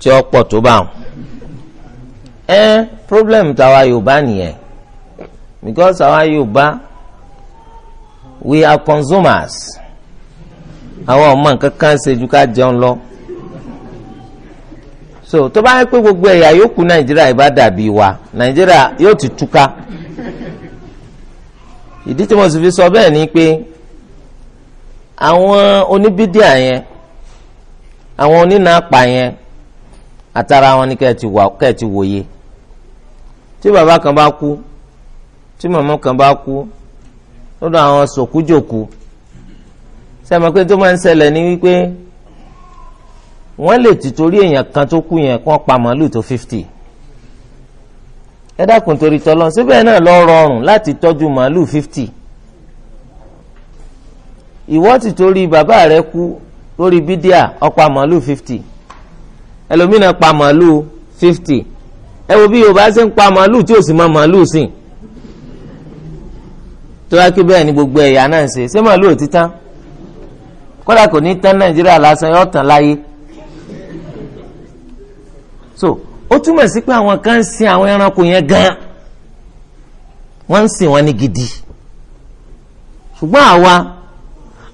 [SPEAKER 1] tí ó pọ̀ tó bá wọn. ẹ problem tàwa Yorùbá nìyẹn because àwa Yorùbá we are consumers àwọn ọmọ nǹkan kan ṣe ju ká jẹun lọ so tó bá yẹ pé gbogbo ẹ̀yà yòókù nàìjíríà ìbá dàbí wa nàìjíríà yóò ti túká ìdí tí mo sì fi sọ bẹ́ẹ̀ ni pé àwọn oníbídíà yẹn àwọn onínà apà yẹn àtàrà wọn ni kẹ́ẹ̀ ti wà kẹ́ẹ̀ ti wòye tí bàbá kan bá kú tí màmá kan bá kú lọ́dọ̀ àwọn sòkújòkú sẹ́mi pé tó máa ń ṣẹlẹ̀ ní wípé wọ́n lè ti èèyàn kan tó kú yẹn kó pa màálù tó fifty ẹ dákun torí tọ́lọ́ síbẹ̀ náà lọ rọrùn láti tọ́jú màálù fifty ìwọ ti torí bàbá rẹ kú lórí bídíà ọ̀pá màálù fifty ẹlòmínà pa màálù fifty ẹ bí yorùbá ṣe ń pa màálù tí ò sì mọ màálù ni gbogbo ẹ̀yà náà ṣe ṣé màálù ò ti tán kódà kò ní tán nàìjíríà lásán yóò tán láyé so ó túmọ̀ sí pé àwọn kan ń sin àwọn ẹranko yẹn gan wọ́n ń wọn ní gidi ṣùgbọ́n àwa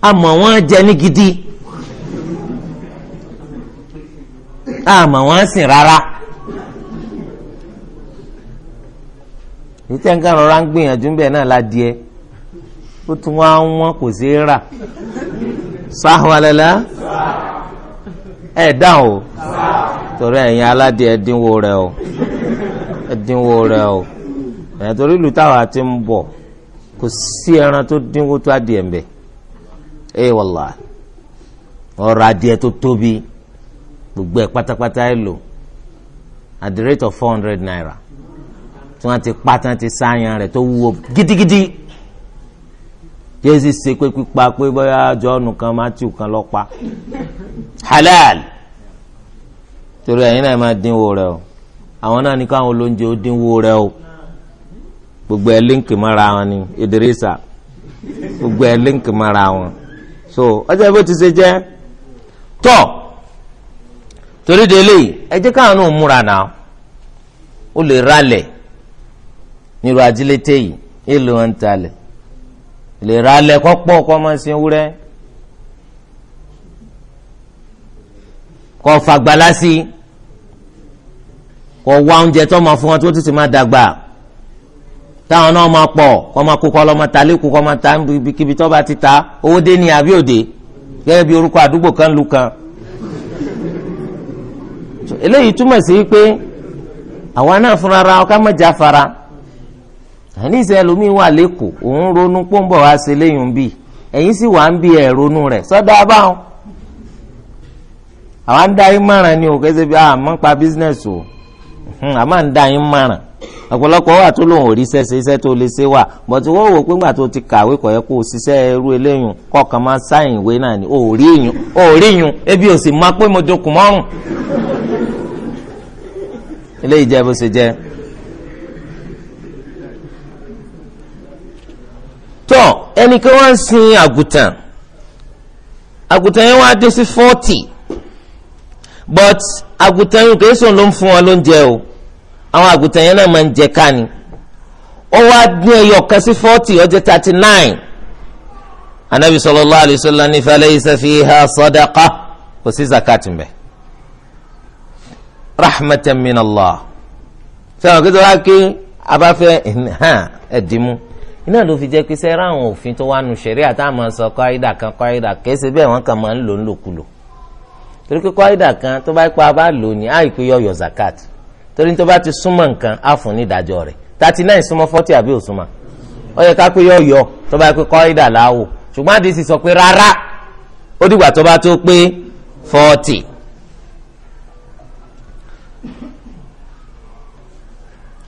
[SPEAKER 1] a mọ̀ wọ́n jẹ àmọ́ wọ́n sìn rárá. ìtẹ́ nǹkan rọra ń gbìyànjú bẹ́ẹ̀ náà ládìẹ ó tún wá wọn kò sí rà sáwàlẹ́lẹ́ ẹ̀ dán o torí ẹ̀yin aládìẹ dínwó rẹ o dínwó rẹ o ẹ̀ torí ìlú táwa ti ń bọ̀ kò sí ẹran tó dínwó tó adìẹ ń bẹ̀ ọ̀rọ̀ adìẹ tó gbogbo ẹ̀ pátápátá ẹ lò at the rate of four hundred naira tí wọ́n ti pátá ti sáyàn rẹ̀ tó wúwo gidigidi yéésì ṣe pé pípa pé bóyá jọ́ọ̀nù kan matthew kan lọ pa halal torí ẹ̀yin náà máa dínwó rẹ o àwọn náà ní káwọn olóúnjẹ ó dínwó rẹ o gbogbo ẹ̀ líǹkì mọ́ra wọn ni Ìdírísà gbogbo ẹ̀ líǹkì mọ́ra wọn so ọjọ́ bó ti ṣe jẹ́ tọ́ torí délé ẹ jẹ́ káwọn náà múra náà ó lè ralẹ̀ nírú ajílété yìí èlò wọn ń talẹ̀ lè ralẹ̀ kọ́pọ̀ kọ́ máa sin ewúrẹ́ kọ́ fagbala sí kọ́ wá oúnjẹ tó máa fún wọn tó tètè máa dàgbà táwọn náà máa pọ̀ kọ́ máa kó kọ́ lọ́ máa ta kọ́ máa ta níbikíbi tó bá ti ta owó dé ní àbí òde gẹ́gẹ́ bí orúkọ àdúgbò kan lu kan. eléyìí túmọ̀ sí pé àwa náà fúnra ra ọkà mọ̀já fara àní ìsẹ̀ ẹlòmíín wà lẹ́kọ̀ọ́ òun ronú pọ́ńbọ̀ wá sí léyìn bíi ẹ̀yìn sì wà ń bí ẹ̀ ronú rẹ̀ sọ́dọ̀ abáwọn àwa ń dá yín ni o kẹ́sẹ́ bí a ah, pa business o hmm, a máa ń dá yín mọ̀ràn ọ̀pọ̀lọpọ̀ wà tó lòun ò rí sẹ́sẹ́ iṣẹ́ tó lè ṣe wà bọ̀tí wọ́n wò pé ńgbà tó ti kàwé kọ̀ yẹ kó o ṣiṣẹ́ irú eléyìn kọ̀ọ̀kan máa ebi ò sì mo eléyìí jẹ́ bó ṣe jẹ́. tọ́ ẹnìkan wá ń sin àgùtàn àgùtàn yẹn wá dé sí fọ́ọ̀tì but àgùtàn yìí kò sóun ló ń fún wọn lóúnjẹ o àwọn àgùtàn yẹn náà máa ń jẹ ká ni ó wá dín ẹyọ kan sí fọ́ọ̀tì ó thirty nine anabi sallallahu alayhi wa sallam ní falaysa fiha sadaqa kò sí zakat mbẹ. rahmatan min Allah sẹ́wọ̀n kí sọ́wọ́n ké abáfẹ́ ẹ̀dínmú iná ló fi jẹ́ pé òfin tó wá nù sẹ́rí àtàwọn sọ kan kọ́ídà kẹ́sẹ̀ bẹ́ẹ̀ wọ́n kàn máa ń lò ń lòkulò torí pé kan tó bá pa bá lò ní zakat torí tó bá ti súnmọ́ nǹkan á fún ní ìdájọ́ rẹ̀ thirty nine súnmọ́ forty àbí yẹ ká pé tó bá pé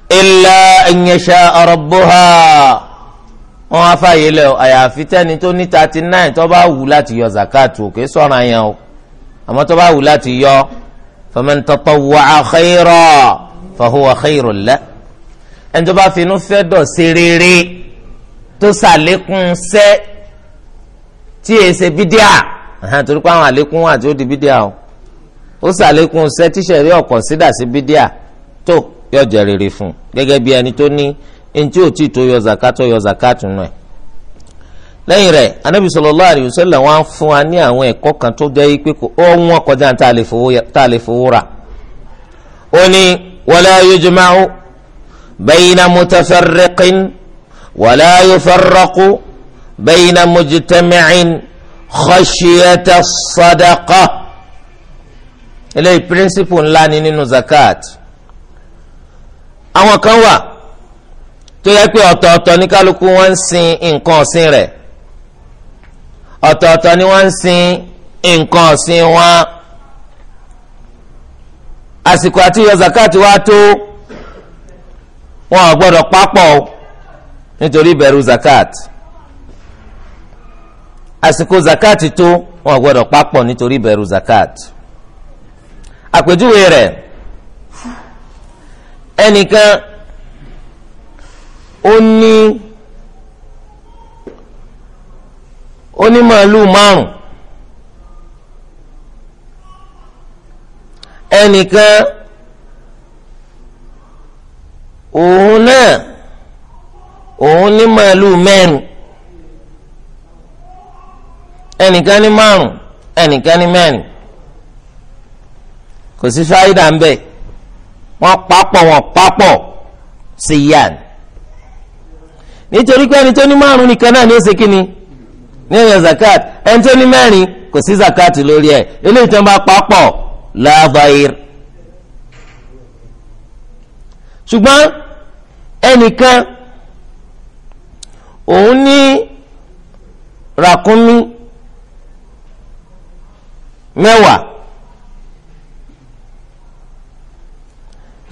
[SPEAKER 1] illa an yasha rabbuha wọn á fàyè lẹ àyàfi tẹni tó ní thirty nine tó bá wù láti yọ zakat òkè sọ̀rọ̀ yẹn o àmọ́ tó bá wù láti yọ faman tatawwa'a khayran fahuwa khayrun lahu ẹni tó bá finú fẹ́ dọ̀ sí rere tó sàlékún sẹ́ tí èyí ṣe bídíà torí pé àwọn àlékún wà tí ó di bídíà o ó sàlékún sẹ́ tíṣẹ̀rí ọ̀kọ̀ sídà sí bídíà tó yóò jẹ́ rere fún un gẹ́gẹ́ bí ẹni tó ní ntí ò tí tó yọ zakatọ yọ zakatọ nù ẹ lẹ́yìn rẹ̀ anabi sallallahu alaihi wasallam wọ́n fún wa ní àwọn ẹ̀kọ́ kan tó jẹ́ pé ọ̀hún ọkọjá tá a lè fowó rà ó ní wala yujma'u bayna mutafarriqin wala yufarraqu bayna mujtami'in khashiyata sadaqa eléyìí píríncípù ńlá ni nínú zakat àwọn kan wà tó yẹ pé ọ̀tọ̀ọ̀tọ̀ ní kálukú wọn ń sin nǹkan ọ̀sìn rẹ̀ ọ̀tọ̀ọ̀tọ̀ ni wọ́n ń sin nǹkan ọ̀sìn wọn àsìkò àti yọ zakati wa tó wọn ò gbọdọ̀ papọ̀ nítorí ìbẹ̀rù zakati àsìkò zakati tó wọn ò gbọdọ̀ papọ̀ nítorí ìbẹ̀rù zakati àpèjúwe rẹ̀ ẹnìkan ó ní ó ní màálù márùn ẹnìkan òun náà òun ní màálù mẹ́rin ẹnìkan ní márùn ẹnìkan ní mẹ́rin kò sí fáyidà ń bẹ́ẹ̀ wọ́n papọ̀ wọ́n papọ̀ siyan nítorí pé ẹni tó ní márùn nìkan náà ní ó ṣe kíni ní ẹ̀yàn zakat ẹni tó ní mẹ́rin kò sí zakat lórí ẹ̀ eléyìí tó ń bá papọ̀ láàbáyìr ṣùgbọ́n ẹnìkan òun ní ràkúnmí mẹ́wàá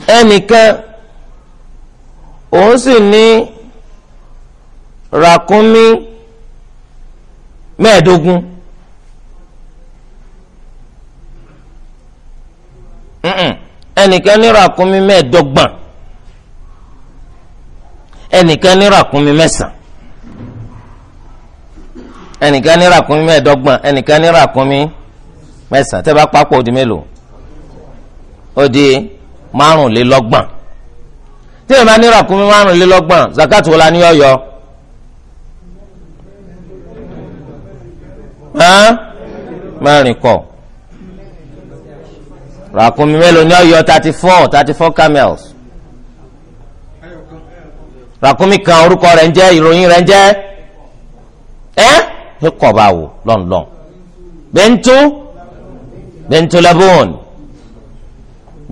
[SPEAKER 1] ẹnìkan òun sì ní ràkúnmí mẹ́ẹ̀ẹ́dógún ẹnìkan ní ràkúnmí ẹnìkan ní ràkúnmí mẹ́sàn ẹnìkan ní ràkúnmí ẹnìkan ní ràkúnmí mẹ́sàn tẹ́ bá papọ̀ mélòó márùnlélọ́gbọ̀n tí èèyàn bá ní ràkúnmí márùnlélọ́gbọ̀n zakat wo la ní ọ̀yọ́ mẹ́rin kọ́ ràkúnmí mélòó ní ọ̀yọ́ thirty four thirty four camels ràkúnmí kan orúkọ rẹ̀ ń jẹ́ ìròyìn rẹ̀ ń jẹ́ ẹ́ ẹ́ kọ̀ bá lọ́nlọ́n bẹ́ńtú bẹ́ńtú lẹ́bùn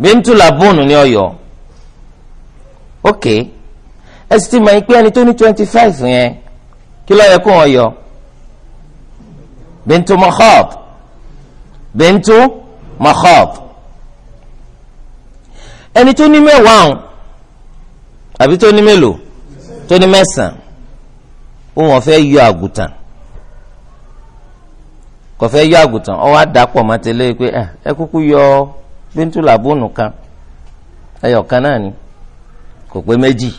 [SPEAKER 1] bíntu labóònù ní ọ̀yọ́ ok ẹ sì ti mọ̀ ẹni tó ní twenty five yẹn kí ló yẹ kó wọn yọ bíntu makhab bíntu makhab ẹni tó ní mẹ́wàá ọ̀hún àbí tó ní mélòó tó ní mẹ́sàn-án òun ọ̀fẹ́ yọ àgùntàn kọ̀fẹ́ yọ àgùntàn ọwọ́ àdàpọ̀ mọ́tẹ́lẹ́ pé eh, ẹ kúkú yọ ọ́ bíntu làbónú kan ẹyọ kan náà ni kò pé méjì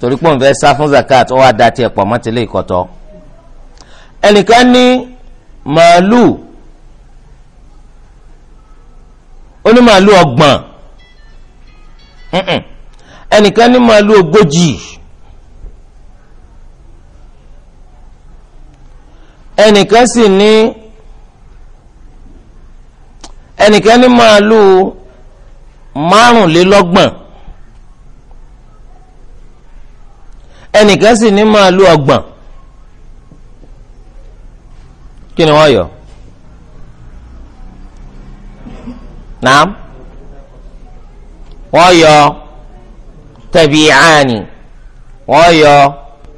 [SPEAKER 1] torí pé òun fẹ́ sá fún zakat ó wá da tiẹ̀ pọ̀ mọ́ tẹ́lẹ̀ ìkọ̀tọ́ ẹnìkan ní màálù ó ní màálù ọgbọ̀n ẹnìkan ní màálù ogójì ẹnìkan sì ní ẹnìkan ní màálù márùnlélọ́gbọ̀n ẹnìkan sì ní màálù ọgbọ̀n kí ni wọ́n yọ naam wọ́n yọ tẹ̀bíyàánì wọ́n yọ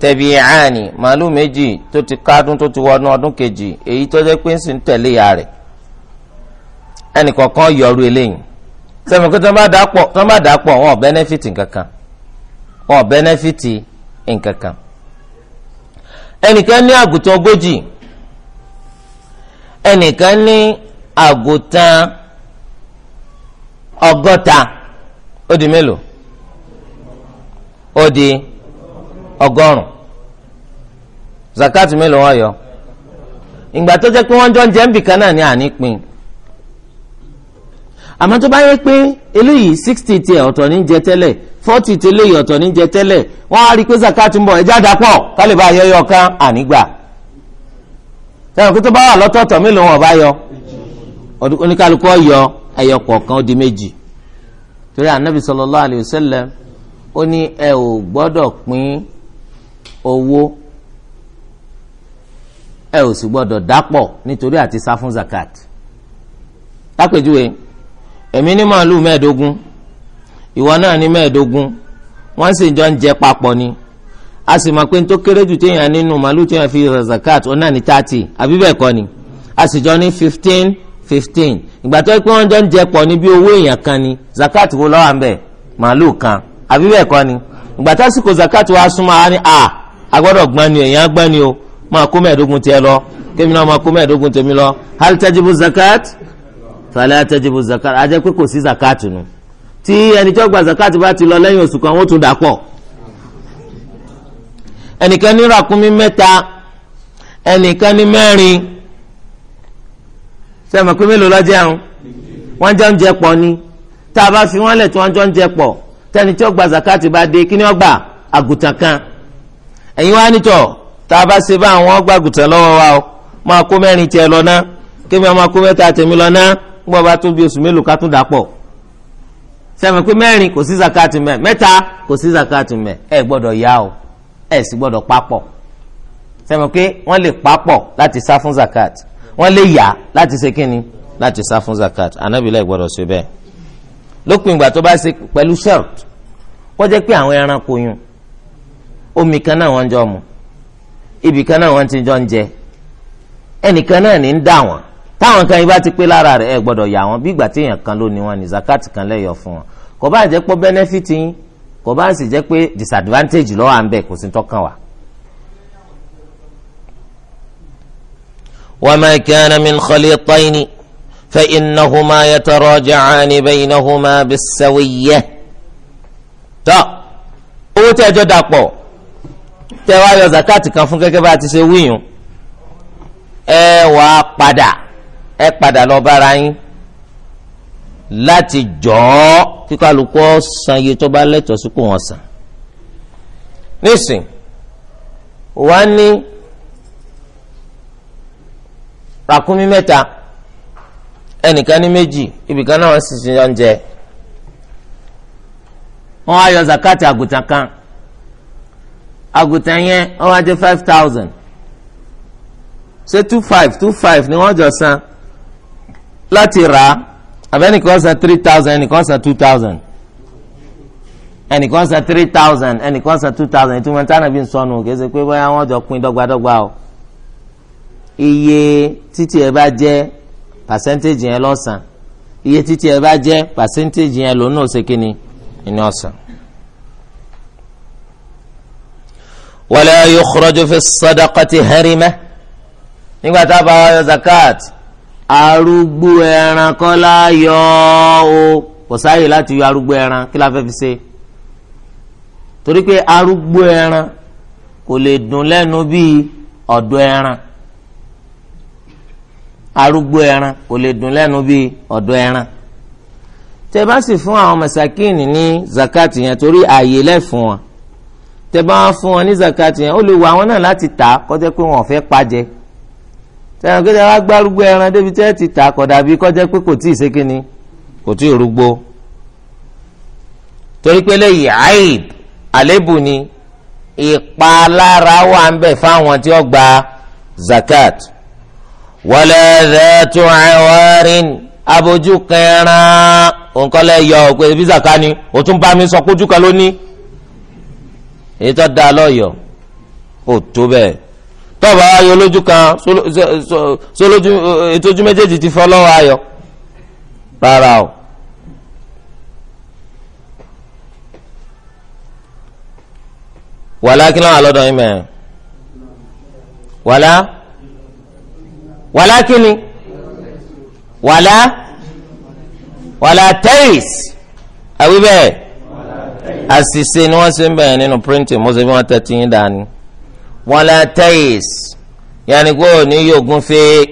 [SPEAKER 1] tẹ̀bíyàánì màálù méjì tó ti kádùn tó ti wọnú ọdún kejì èyí tó jẹ́ pé ń sì ń tẹ̀lé ìyá rẹ̀ ẹnìkọ̀ọ̀kan yọrù eléyìí sẹ́mi pé tí wọ́n bá dà pọ̀ tí wọ́n bá dà pọ̀ wọn ò bẹ́nẹ́fìtì nkankan wọn ò bẹ́nẹ́fìtì nkankan ẹnìkan ní àgùntàn ogójì ẹnìkan ní àgùntàn ọgọ́ta ó mélòó ó ọgọ́rùn zakati mélòó wọn yọ ìgbà tó jẹ́ pé wọ́n jọ ń jẹ́ ń bìkan náà ní ànípin àmọ́ tó bá yẹ pé eléyìí sixty tiẹ̀ ọ̀tọ̀ ní jẹ tẹ́lẹ̀ forty ti eléyìí ọ̀tọ̀ ní jẹ tẹ́lẹ̀ wọ́n á rí i pé zakat ń bọ̀ ẹja dapọ̀ kálíbà ayẹyẹ ọ̀kan ànígbà sẹ́wọ̀n kí tó bá wà lọ́tọ̀ọ̀tọ̀ mélòó wọn bá yọ oníkálukú ọ̀yọ́ ẹyọ kọ̀ọ̀kan ó di méjì torí anabi sallallahu alayhi wa sallam ó ní ẹ ò gbọ́dọ̀ pín owó ẹ ò sì gbọ́dọ̀ dapọ̀ nítorí àti sá fún zakat lápèjúwe èmi ní màálù mẹ́ẹ̀ẹ́dógún ìwọ náà ní mẹ́ẹ̀ẹ́dógún wọ́n sì jọ ń jẹ papọ̀ ni a sì mọ̀ pé n kéré jù téèyàn nínú màálù téèyàn fi zakat òun náà ní thirty àbí bẹ́ẹ̀ kọ́ ni a sì jọ ní fifteen fifteen ìgbà tó yẹ pé wọ́n jọ ń jẹ pọ̀ ní bí owó èèyàn kan ni zakat wo lọ́wọ́ à ń bẹ̀ màálù kan àbí bẹ́ẹ̀ kọ́ ni ìgbà tásìkò zakat wa súnmọ́ a ní a agbọ́dọ̀ gbọ́n ni èèyàn gbọ́n ni o máa kó mẹ́ẹ̀ẹ́dógún tiẹ̀ lọ kémi náà máa kó mẹ́ẹ̀ẹ́dógún tèmi lọ hal tajibu zakat fala tajibu zakat ajẹ́ pé kò sí zakat nù tí ẹni tí gba zakat bá ti lọ lẹ́yìn oṣù kan wọ́n tún dà pọ̀ ẹnìkan ní ràkúnmí mẹ́ta ẹnìkan ní mẹ́rin sẹ́mi pé mélòó lọ jẹun wọ́n jọ ń jẹ pọ̀ ni tá a bá fi wọ́n lẹ̀ tí wọ́n jọ ń jẹ pọ̀ tẹ́ni tí ó gba zakati bá dé kí ni ó gbà àgùntàn kan ẹ̀yin wá nítọ̀ tá a bá ṣe bá àwọn ọgbà lọ́wọ́ wa máa kó mẹ́rin tiẹ̀ lọ ná kí mi máa kó mẹ́ta tèmi lọ ná ńgbọ́ bá tó bí oṣù mélòó ká tún dà pọ̀ sẹ́mi pé mẹ́rin kò sí zakati mẹ́ mẹ́ta kò sí zakati mẹ́ ẹ gbọ́dọ̀ yá o ẹ sì gbọ́dọ̀ papọ̀ sẹ́mi pé wọ́n lè papọ̀ láti sá fún zakati wọ́n lè yá láti ṣe kínni láti sá fún zakati anábìlẹ̀ gbọ́dọ̀ ṣe bẹ́ẹ̀ lópin ìgbà tó bá ṣe pẹ̀lú shirt kó jẹ́ pé àwọn ẹranko yun omi kan náà wọ́n jọ mu ibì kan náà wọ́n ti jọ ń jẹ ẹnìkan náà ní ń dà wọ́n táwọn kan yìí bá ti pé lára rẹ̀ ẹ gbọ́dọ̀ yà wọ́n bí ìgbà téèyàn kan ló ní wọn ní zakati kan lẹ́yọ̀ fún wọn kò bá jẹ́ pé benefit yín kò bá sì jẹ́ pé disadvantage ló wà ń bẹ kò sí tọ́kàn wá. wa ma kana min khalitayni fa innahuma yataraja'ani baynahuma bis-sawiyyah. tọ́ owó tí ẹjọ́ dàpọ̀ tẹ́ wá yọ zakati kan fún gẹ́gẹ́ bá a ti ṣe wíyùn ẹ wàá padà ẹ padà lọ bára yín láti jọ ọ kí kálukú san iye tó bá lẹ́tọ̀ọ́ sí kò wọ́n san nísìn wàá ní ràkúnmí mẹ́ta ẹnìkan ní méjì ibìkan náà wọ́n sì ti ń jẹ wọ́n zakati àgùntàn kan àgùntàn yẹn wọ́n á jẹ five thousand ṣé two five two five ni wọ́n jọ san láti rà á àbẹ́nìkan san three thousand ẹnìkan san two thousand ẹnìkan san three thousand ẹnìkan san two thousand ìtumọ̀ ní tànàbí sọnù kì í ṣe pé bóyá wọ́n jọ pín dọ́gbadọ́gba o iye títí ẹ bá jẹ́ pàṣẹ́ntéèjì yẹn lọ́sàn iye títí ẹ bá jẹ́ pàṣẹ́ntéèjì yẹn lónà òsèkìní ní ọ̀sán. wala yukhraju fi sadaqati harima nígbà tá a bá wá yọ zakat arúgbó ẹran kọ́ la yọ o kò sáyè láti yọ arúgbó ẹran kí la fẹ́ fi ṣe torí pé arúgbó ẹran kò lè dùn lẹ́nu bíi ọ̀dọ́ ẹran arúgbó ẹran kò lè dùn lẹ́nu bíi ọ̀dọ́ ẹran tẹ bá sì fún àwọn masakíìnì ní zakati yẹn torí ààyè lẹ́fún wọn tẹ bá fún wọn ní zakati yẹn ó lè wọ àwọn náà láti tà kọjá pé wọn ò fẹ́ pàjẹ́ sẹ́yìn kí wọ́n gbárùgbó ẹran débi tẹ́ ti tà kọ̀dà bí kọjá pé kò tí ì ṣe kínní kò tí ì rúgbó torí pé lẹ́yìn àlébù tí ó gba zakat wọlé abojú kẹran yọ òpè bí zaka ni tún bá tọ́ọ̀bù ayọ̀ lójú kan sólójú ètòjú méjèèjì ti fọ́ lọ́wọ́ ayọ̀ rárá o. wàlá kí ló wà lọ́dọ̀ yín mẹ́rin wàlá wàlá kí ni wàlá wàlá tẹ́yìs àwíbẹ̀ àṣìṣe ni wọ́n ṣe ń bẹ̀rẹ̀ nínú píríǹtì mọ́sẹ̀ bí wọ́n tẹ́ ti yín dání wala tayis yanni kó o ní yóò gúnfe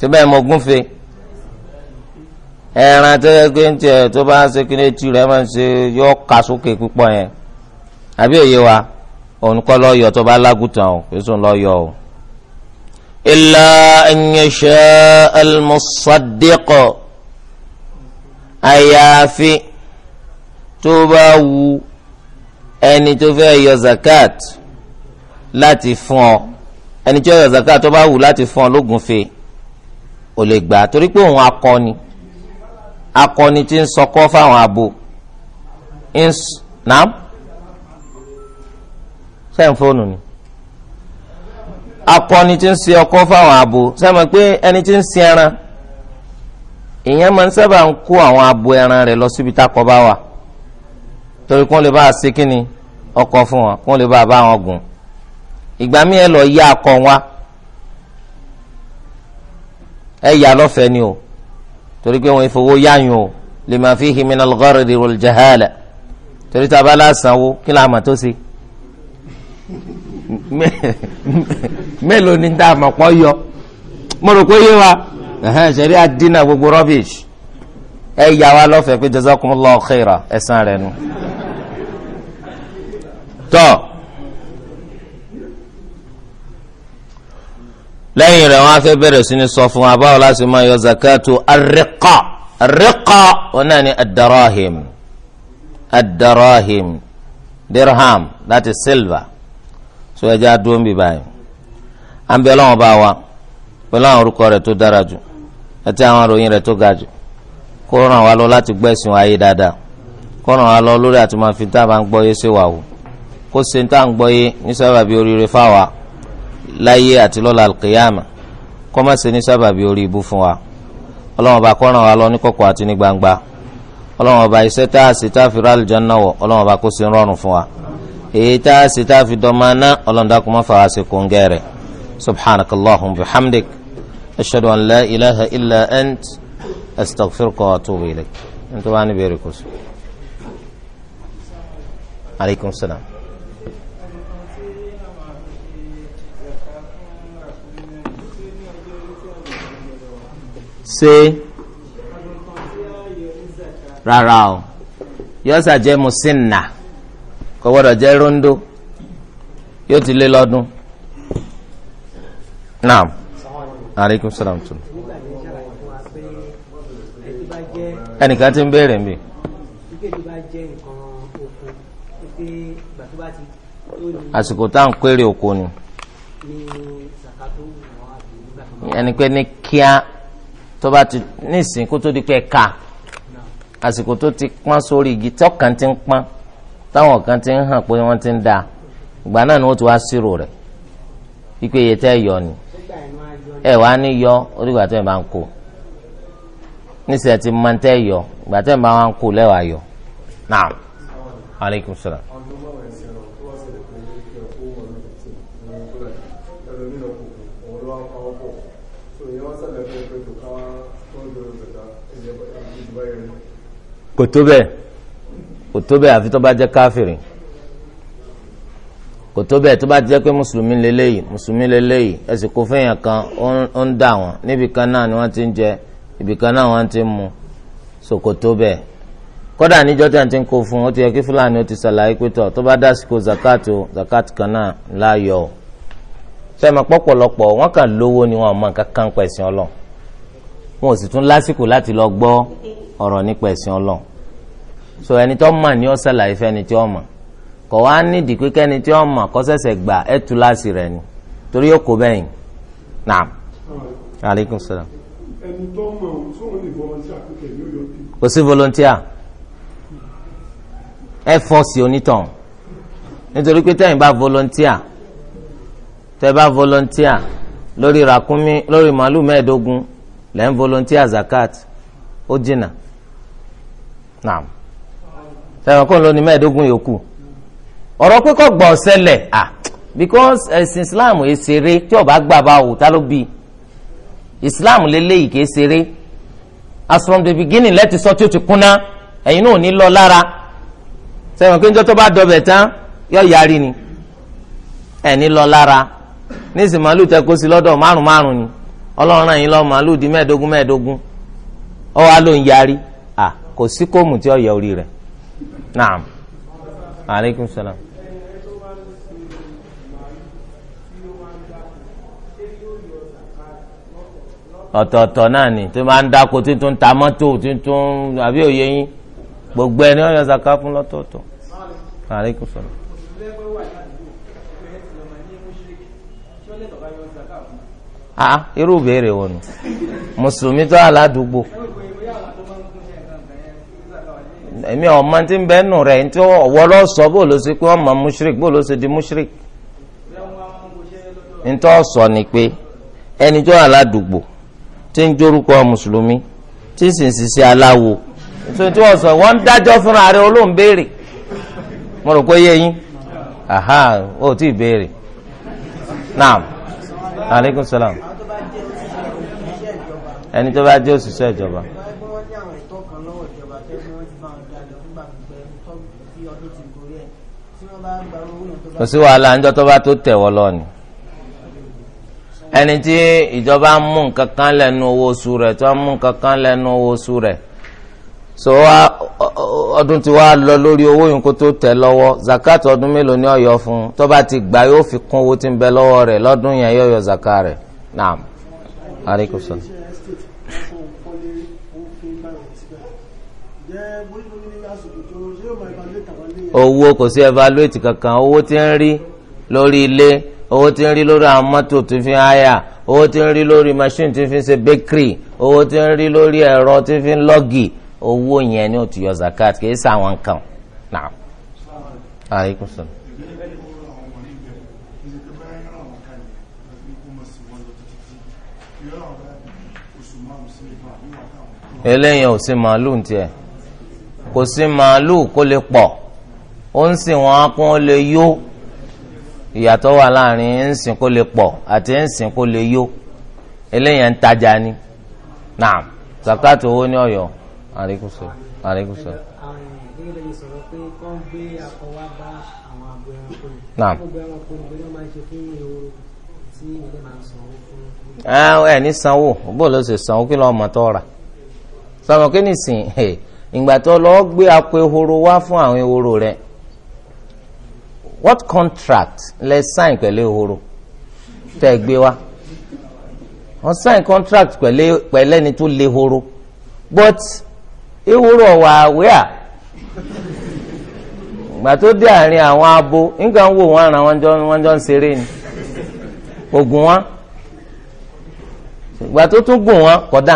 [SPEAKER 1] tó bẹ́ẹ̀ mo gúnfe ẹran tó yẹ pé ń tẹ tó bá ṣe kí ní etí rẹ máa ń ṣe yọ ká sókè púpọ̀ yẹn àbí òye wa òun kọ́ lọ́ọ́ yọ tó bá lágùtàn o kò lọ́ọ́ yọ o. illa an yasha àyàfi tó bá wu ẹni tó fẹ́ yọ zakat láti fún ọ ẹni tí ó yọ zaka tó bá wù láti fún ọ lógúnfe ò lè gbà torí pé òun akọni akọni tí ń sọkọ fáwọn abo nà sẹ́yìn fóònù ni akọni tí ń se ọkọ fáwọn abo sẹ́mi pé ẹni tí ń se ẹran ìyẹn máa ń sábà ń kó àwọn abo ẹran rẹ̀ lọ síbi tákọ bá wà torí kí lè bá a ṣe kí ọkọ fún wọn kí lè bá a bá wọn gùn ìgbà míì ẹ lọ yá akọ wa ẹ yà lọ́fẹ̀ẹ́ ni o torí pé wọn ìfowó yáyùn o lima fihi minal gharri wal jahala torí tá a bá lásanwó kí la mà tó ṣe mélòó ni tá a mọ̀ pọ̀ yọ mo rò pé yé wa ṣẹ̀rí àdínà gbogbo rubbish ẹ yà wá lọ́fẹ̀ẹ́ pé jazakumullahu khaira ẹ̀sán rẹ̀ nu. tọ́ lẹ́yìn rẹ̀ wọ́n á fẹ́ bẹ̀rẹ̀ sí ni sọ fún wa báwo la ṣe máa yọ zakatu ariqa ariqa wọn náà ni adarahim adarahim dirham láti silva so ẹ jẹ́ àdúró ń bì báyìí à ń bẹ ọlọ́wọ́n bá wa pẹ̀lú àwọn orúkọ rẹ̀ tó dára jù àti àwọn ìròyìn rẹ̀ tó ga jù kó ràn wá lọ láti gbẹ̀sìn ayé dáadáa kó ràn wá lọ lórí àti máa fi tá a máa ń gbọ́ yé ṣe wà wò kó ṣe ń gbọ́ yé ní sábàbí oríire fáwa láyé àti lọ́la alqiyama kó má ṣe ní sábàbí orí ibú fún wa ọlọ́wọ́n bá kọ́ràn wa lọ ní kọ̀kọ̀ àti ní gbangba ọlọ́wọ́n bá iṣẹ́ tá a sì tá a fi rálì janna wọ̀ ọlọ́wọ́n bá kó sí rọrùn fún wa èyí tá a sì tá a fi dọ́mọ aná ọlọ́wọ́n dákun má fara sí kóńgẹ́ rẹ̀ subhanakallahumma bihamdik ashhadu an la ilaha illa ant astaghfiruka wa atubu ilayk nítorí wàá níbi èrè kùsù. aleykum salaam. se rárá o yọ́sà jẹ́ musinna kò gbọ́dọ̀ jẹ́ rondo yóò ti lé lọ́dún naam aleykum salaam tu. ẹnìkan ti ń béèrè mi. àsìkò tá à ń kéré oko ni ẹni pé ní kíá tọba ti nísìn tó di pé ká àsìkò tó ti pọ́n sórí igi tọ́kàn ti ń pọ́n táwọn kan ti ń hàn pé wọ́n ti ń da ìgbà náà ni ti wá sírò rẹ̀ ipe tẹ́ yọ ni ẹ ní yọ orígbà tó yẹ ń kó nísìnyẹ ti naam kò tó bẹ́ẹ̀ kò tó bẹ́ẹ̀ àfi tó bá jẹ́ káfìrì kò tó bẹ́ẹ̀ tó bá jẹ́ pé mùsùlùmí lélẹ́yìí mùsùlùmí lélẹ́yìí ẹ̀sìn kò fẹ́yàn kan ó ń dà wọ́n níbi kan náà ni wọ́n ti ń jẹ ibi kan náà wọ́n ti ń mu so kò tó bẹ́ẹ̀ kódà níjọ́ tí a ti ń kó fún ó ti yẹ kí fúlàní ó ti ṣàlàyé pé tọ̀ tó bá dásìkò zakato zakat kan náà láàyò sẹ́mi pọ̀pọ̀lọpọ̀ wọ́n kàn lówó ni wọ́n mọ nǹkan kan pẹ̀sìn ọlọ́ wọn ò sì tún lásìkò láti lọ gbọ́ ọ̀rọ̀ nípa ẹ̀sìn ọlọ́run so ẹni tó mọ̀ ni ó ṣàlàyé fẹ́ni tí ó mọ̀ kò wá nídìí pé kẹ́ni tí ó mọ̀ kó gbà ẹ̀ ni torí yóò kó bẹ́yìn naam aleykum salaam. ẹni tó mọ̀ sóun lè volunteer pé kẹ̀mí ó yọ kò sí volunteer ẹ fọ́ọ̀sì onítàn nítorí pé zakat ó jìnnà sẹwọn kó ló ní mẹ́ẹ̀ẹ́dógún yòókù ọ̀rọ̀ pé gbọ́ ṣẹlẹ̀ ah because ẹ̀sìn islam yìí ṣeré tí ọba gbà bá wò tá ló bí islam lélẹyìí kìí ṣeré as from the beginning lẹ́tì sọ tí ó ti kúnná ẹ̀yin náà ò ní lọ lára sẹwọn kí njọ́ tó bá dọbẹ̀ tán yọ yarí ni ẹ̀ ní lọ lára nísìnyí màálù tẹ kó sí lọ́dọ̀ márùn márùn ni ọlọ́run ràn yín lọ màálù di mẹ́ẹ̀ẹ́dógún mẹ́ẹ̀ẹ́dógún ọwọ́ á ló ń yarí ah kò sí kóòmù tí ó yẹ orí rẹ̀ نعم، عليكم السلام. ọ̀tọ̀ọ̀tọ̀ náà ni tó máa ń dáko tuntun ta mọ́tò tuntun àbí òye yín gbogbo ẹni ọ̀yọ́ zaka fún lọ́tọ̀ọ̀tọ̀ aleykum salaam. Ah, irú béèrè wo ni mùsùlùmí tó aládùúgbò. èmi ọmọ tí ń bẹ nù rẹ ntị ọwọ lọ sọ bó ló ṣe pé wọn mushrik bó ló di mushrik sọ ni pé aládùúgbò tí ń jórúkọ mùsùlùmí tí aláwo tí wọ́n sọ wọ́n dájọ́ fúnra rẹ olóhùn béèrè mo rò pé yé aha o, ti béèrè naam aleykum salaam ẹni tó bá kò sí wàhálà níjọ́ tó bá tó tẹ̀ wọ́ lọ ni ẹni tí ìjọba ń mú nǹkan kan lẹ́nu owó oṣù rẹ̀ tó ń mú nǹkan kan lẹ́nu owó oṣù rẹ̀ so ọdún tí wàá lọ lórí owó yìí kó tó tẹ̀ lọ́wọ́ zakat ọdún mélòó ni ó yọ fún tó bá ti gbà yóò fi kún owó tí ń bẹ lọ́wọ́ rẹ̀ lọ́dún yẹn yóò yọ zakat rẹ̀ naam owó kò sí evaluate kankan owó tí ń rí lórí ilé owó tí ń rí lórí àwọn mọ́tò tó fi háyà owó tí ń rí lórí machine tó fi ṣe bakery owó tí ń rí lórí ẹ̀rọ tó fi ń lọ́gì owó yẹn ni ó ti yọ zakat kì í sá àwọn nǹkan náà. alaikum salaam. eléyìí ò sí màálù tiẹ̀ kò sí màálù kó lè pọ̀. ó ń sìn wọn kó lè yó ìyàtọ̀ wà láàrin ń sìn kó lè pọ̀ àti ń sìn kó lè yó eléyàn ń tajà ni naam zakat owó ní ọ̀yọ́ àríkùsọ àríkùsọ. ẹ ní sanwó bó ló ṣe sanwó kí kí ìgbà tó gbé ehoro fún àwọn ehoro rẹ. what contract lẹ sign pẹ̀lú ehoro tẹ́ gbé wa wọ́n sign contract pẹ̀lú pẹ̀lú ẹni tó horo but ehoro ọ̀wà àwẹ́à gbà tó dé àárín àwọn abo nǹkan wò wọ́n ara wọn jọ wọ́n jọ ń ṣeré ni ògùn wọn gbà tó tún gùn wọn kò dá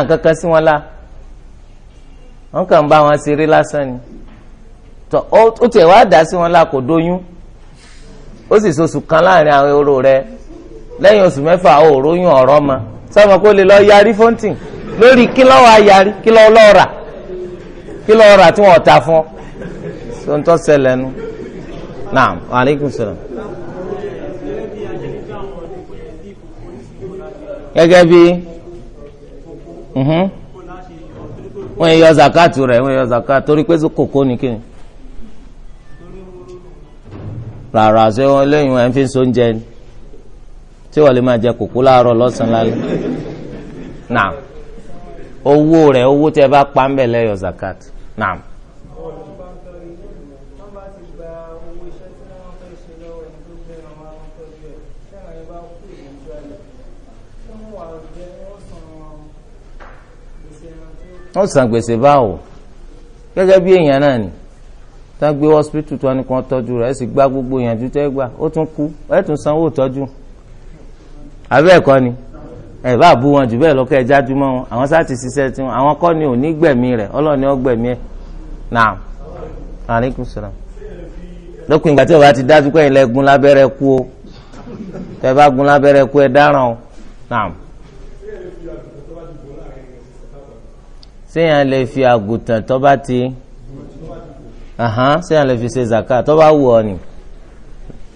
[SPEAKER 1] ni tó ó tiẹ̀ wá dá sí ó sì sọ kan láàrin àwọn ehoro rẹ lẹ́yìn oṣù mẹ́fà òòró yún ọ̀rọ̀ ma sábà kó lè lọ yarí fóńtìn lórí tí ta fún ọ tó ń tọ́ nu bí mhm. yọ zakatu rẹ wọn yọ zakatu torí pé kòkó rárá ṣé wọn lẹ́yìn wọn fi ń so ni tí wọn lè máa jẹ kókó láàárọ̀ lọ́sàn lálẹ́ náà owó rẹ̀ owó tẹ́ bá pa ń bẹ lẹyọ zakat náà. wọ́n san gbèsè báwo gẹ́gẹ́ bí èèyàn tá gbé hospital tó wà nìkan tọ́jú rẹ̀ ẹ sì gba gbogbo ìyànjú tẹ́ gbà ó tún kú ẹ tún sanwó tọ́jú àbẹ́ ẹ̀kọ́ ni ẹ bá bú wọn jù bẹ́ẹ̀ lọ́kọ́ ẹ jájú mọ́ wọn àwọn sáà ti ṣiṣẹ́ tí wọn àwọn kọ́ ni ò ní gbẹ̀mí rẹ̀ ọlọ́run ni ó gbẹ̀mí ẹ̀ náà aleykum salaam lókun ìgbà tí o bá ti dájú pé ilẹ̀ gun lábẹ́rẹ́ kú o tẹ bá gun lábẹ́rẹ́ kú ẹ dáràn o náà. séèyàn lè fi àgùntàn tó bá ti ahan ṣé ẹ lè fi ṣe zakat tó bá wù ọ ni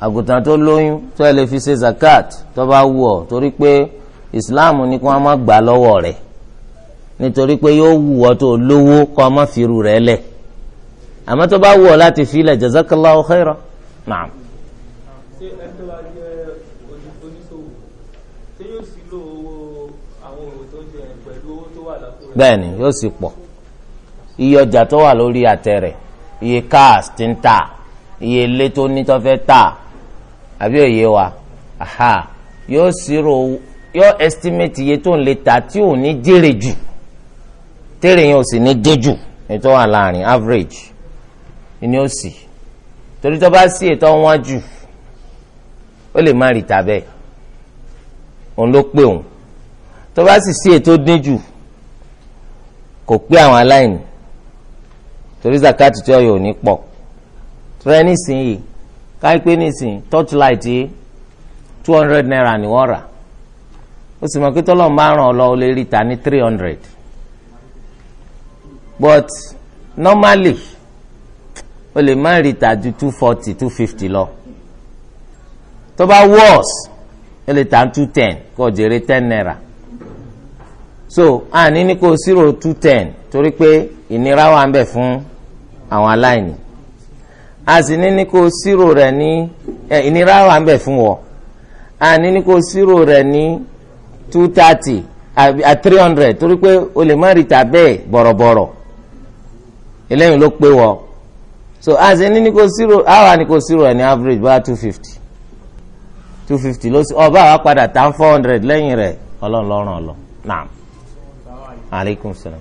[SPEAKER 1] àgùntàn tó lóyún tó ẹ lè fi ṣe zakat tó bá wù ọ torí pé islam ní kí wọn má gbà lọ́wọ́ rẹ̀ nítorí pé yóò wù ọ tó lówó kọ ọmọ fìrù rẹ̀ lẹ àmọ́ tó bá wù ọ láti filẹ jazakallahu khaira naam. ṣé ẹ tó wá yóò sì pọ̀ iye ọjà tó wà lórí àtẹ rẹ̀ iye cars ti ń tà iye ilé tó ní tó fẹ́ tà àbí òye wa aha yóò ṣírò yóò estimate iye tó ń lè tà tí ò ní jèrè jù tèrè yẹn ò sì ní dé jù ètò wà láàrin average ni ó sì torí tó bá sí ètò wọn jù ó lè má rí tà bẹ́ẹ̀ òun ló pé òun tó bá sì sí ètò dín jù kò pé àwọn aláìní torí zakati tí ọyọ ò ní pọ̀ tẹrẹ nísìnyí káyipé nísìnyí torchlight yìí two hundred naira ni wọ́n rà ó sì mọ̀ pé tọ́lọ̀ máa ràn ó lè rí ta ní three hundred but normally o lè má rí ta ju two forty two fifty lọ tó bá worse o lè ta two ten kó o jèrè ten naira so àní ní kó o two ten torí pé ìnira wà ń bẹ fún àwọn aláìní a sì ní ní kó sírò rẹ̀ ní ìnira wà ń bẹ fún wọ a ní ní kó sírò rẹ̀ ní two thirty a three hundred torí pé o lè má rìtà bẹ́ẹ̀ bọ̀rọ̀bọ̀rọ̀ eléyìí ló pé wọ so a sì ní ní kó sírò àwa ní kó sírò rẹ̀ ní average bá two fifty two fifty ló sì ọba àwa padà tán four hundred lẹ́yìn rẹ̀ ọlọ́run lọ́rùn ọ̀lọ́ naam aleykum salaam.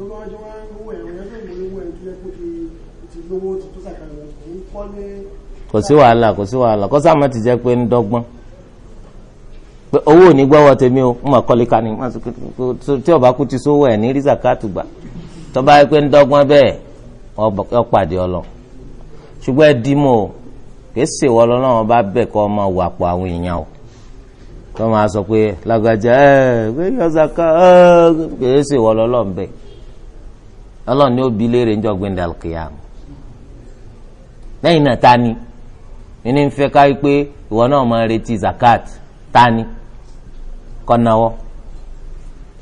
[SPEAKER 1] tó bá jọ wá ń wọ ẹ̀rọ ẹgbẹ́ ìwé owó ẹ̀ tó yẹ kó ti ti lówó ti tó sàkàlẹ̀ kò ń kọ́ ní. kò sí wàhálà kò sí wàhálà kó sáà má ti jẹ́ pé ń dọ́gbọ́n pé owó ò ní gbọ́wọ́ tèmi o ń mọ̀ kọ́líkà ni tí ọba kú ti sówó ẹ̀ ní rí zakat tó bá yẹ pé ń dọ́gbọ́n bẹ́ẹ̀ ọ pàdé ọlọ ṣùgbọ́n ẹ dì mọ́ o kì í ṣe ìwọ lọ́wọ́ bá bẹ̀ kọ́ ọmọ wà pọ̀ àwọn èèyàn o tó máa sọ pé lágbájá ẹ pé kì í ṣe ìwọ lọ́wọ́ bẹ́ẹ̀ ọlọ́run ní òbí léèrè ń jọ gbẹ̀ndà kìá lẹ́yìn náà ta ni ẹni ń fẹ́ káyí pé ìwọ náà máa retí zakat ta ni kọ́náwọ́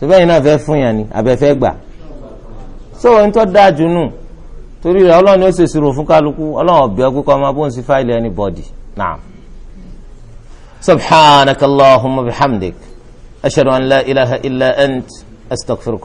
[SPEAKER 1] sọ́bẹ́ yìí náà fẹ́ fún yàn ni abẹ́fẹ́ gbà so ohun tó dáa jù nù torí rẹ̀ ọlọ́run ó ṣèṣirò fún kálukú ọlọ́run ọ̀bẹ ọgbẹ́ kọ́ ọmọ bóun sí fáìlì anybody naam subhanakallahumma bihamdik ashhadu an la ilaha illa ant astaghfiruka.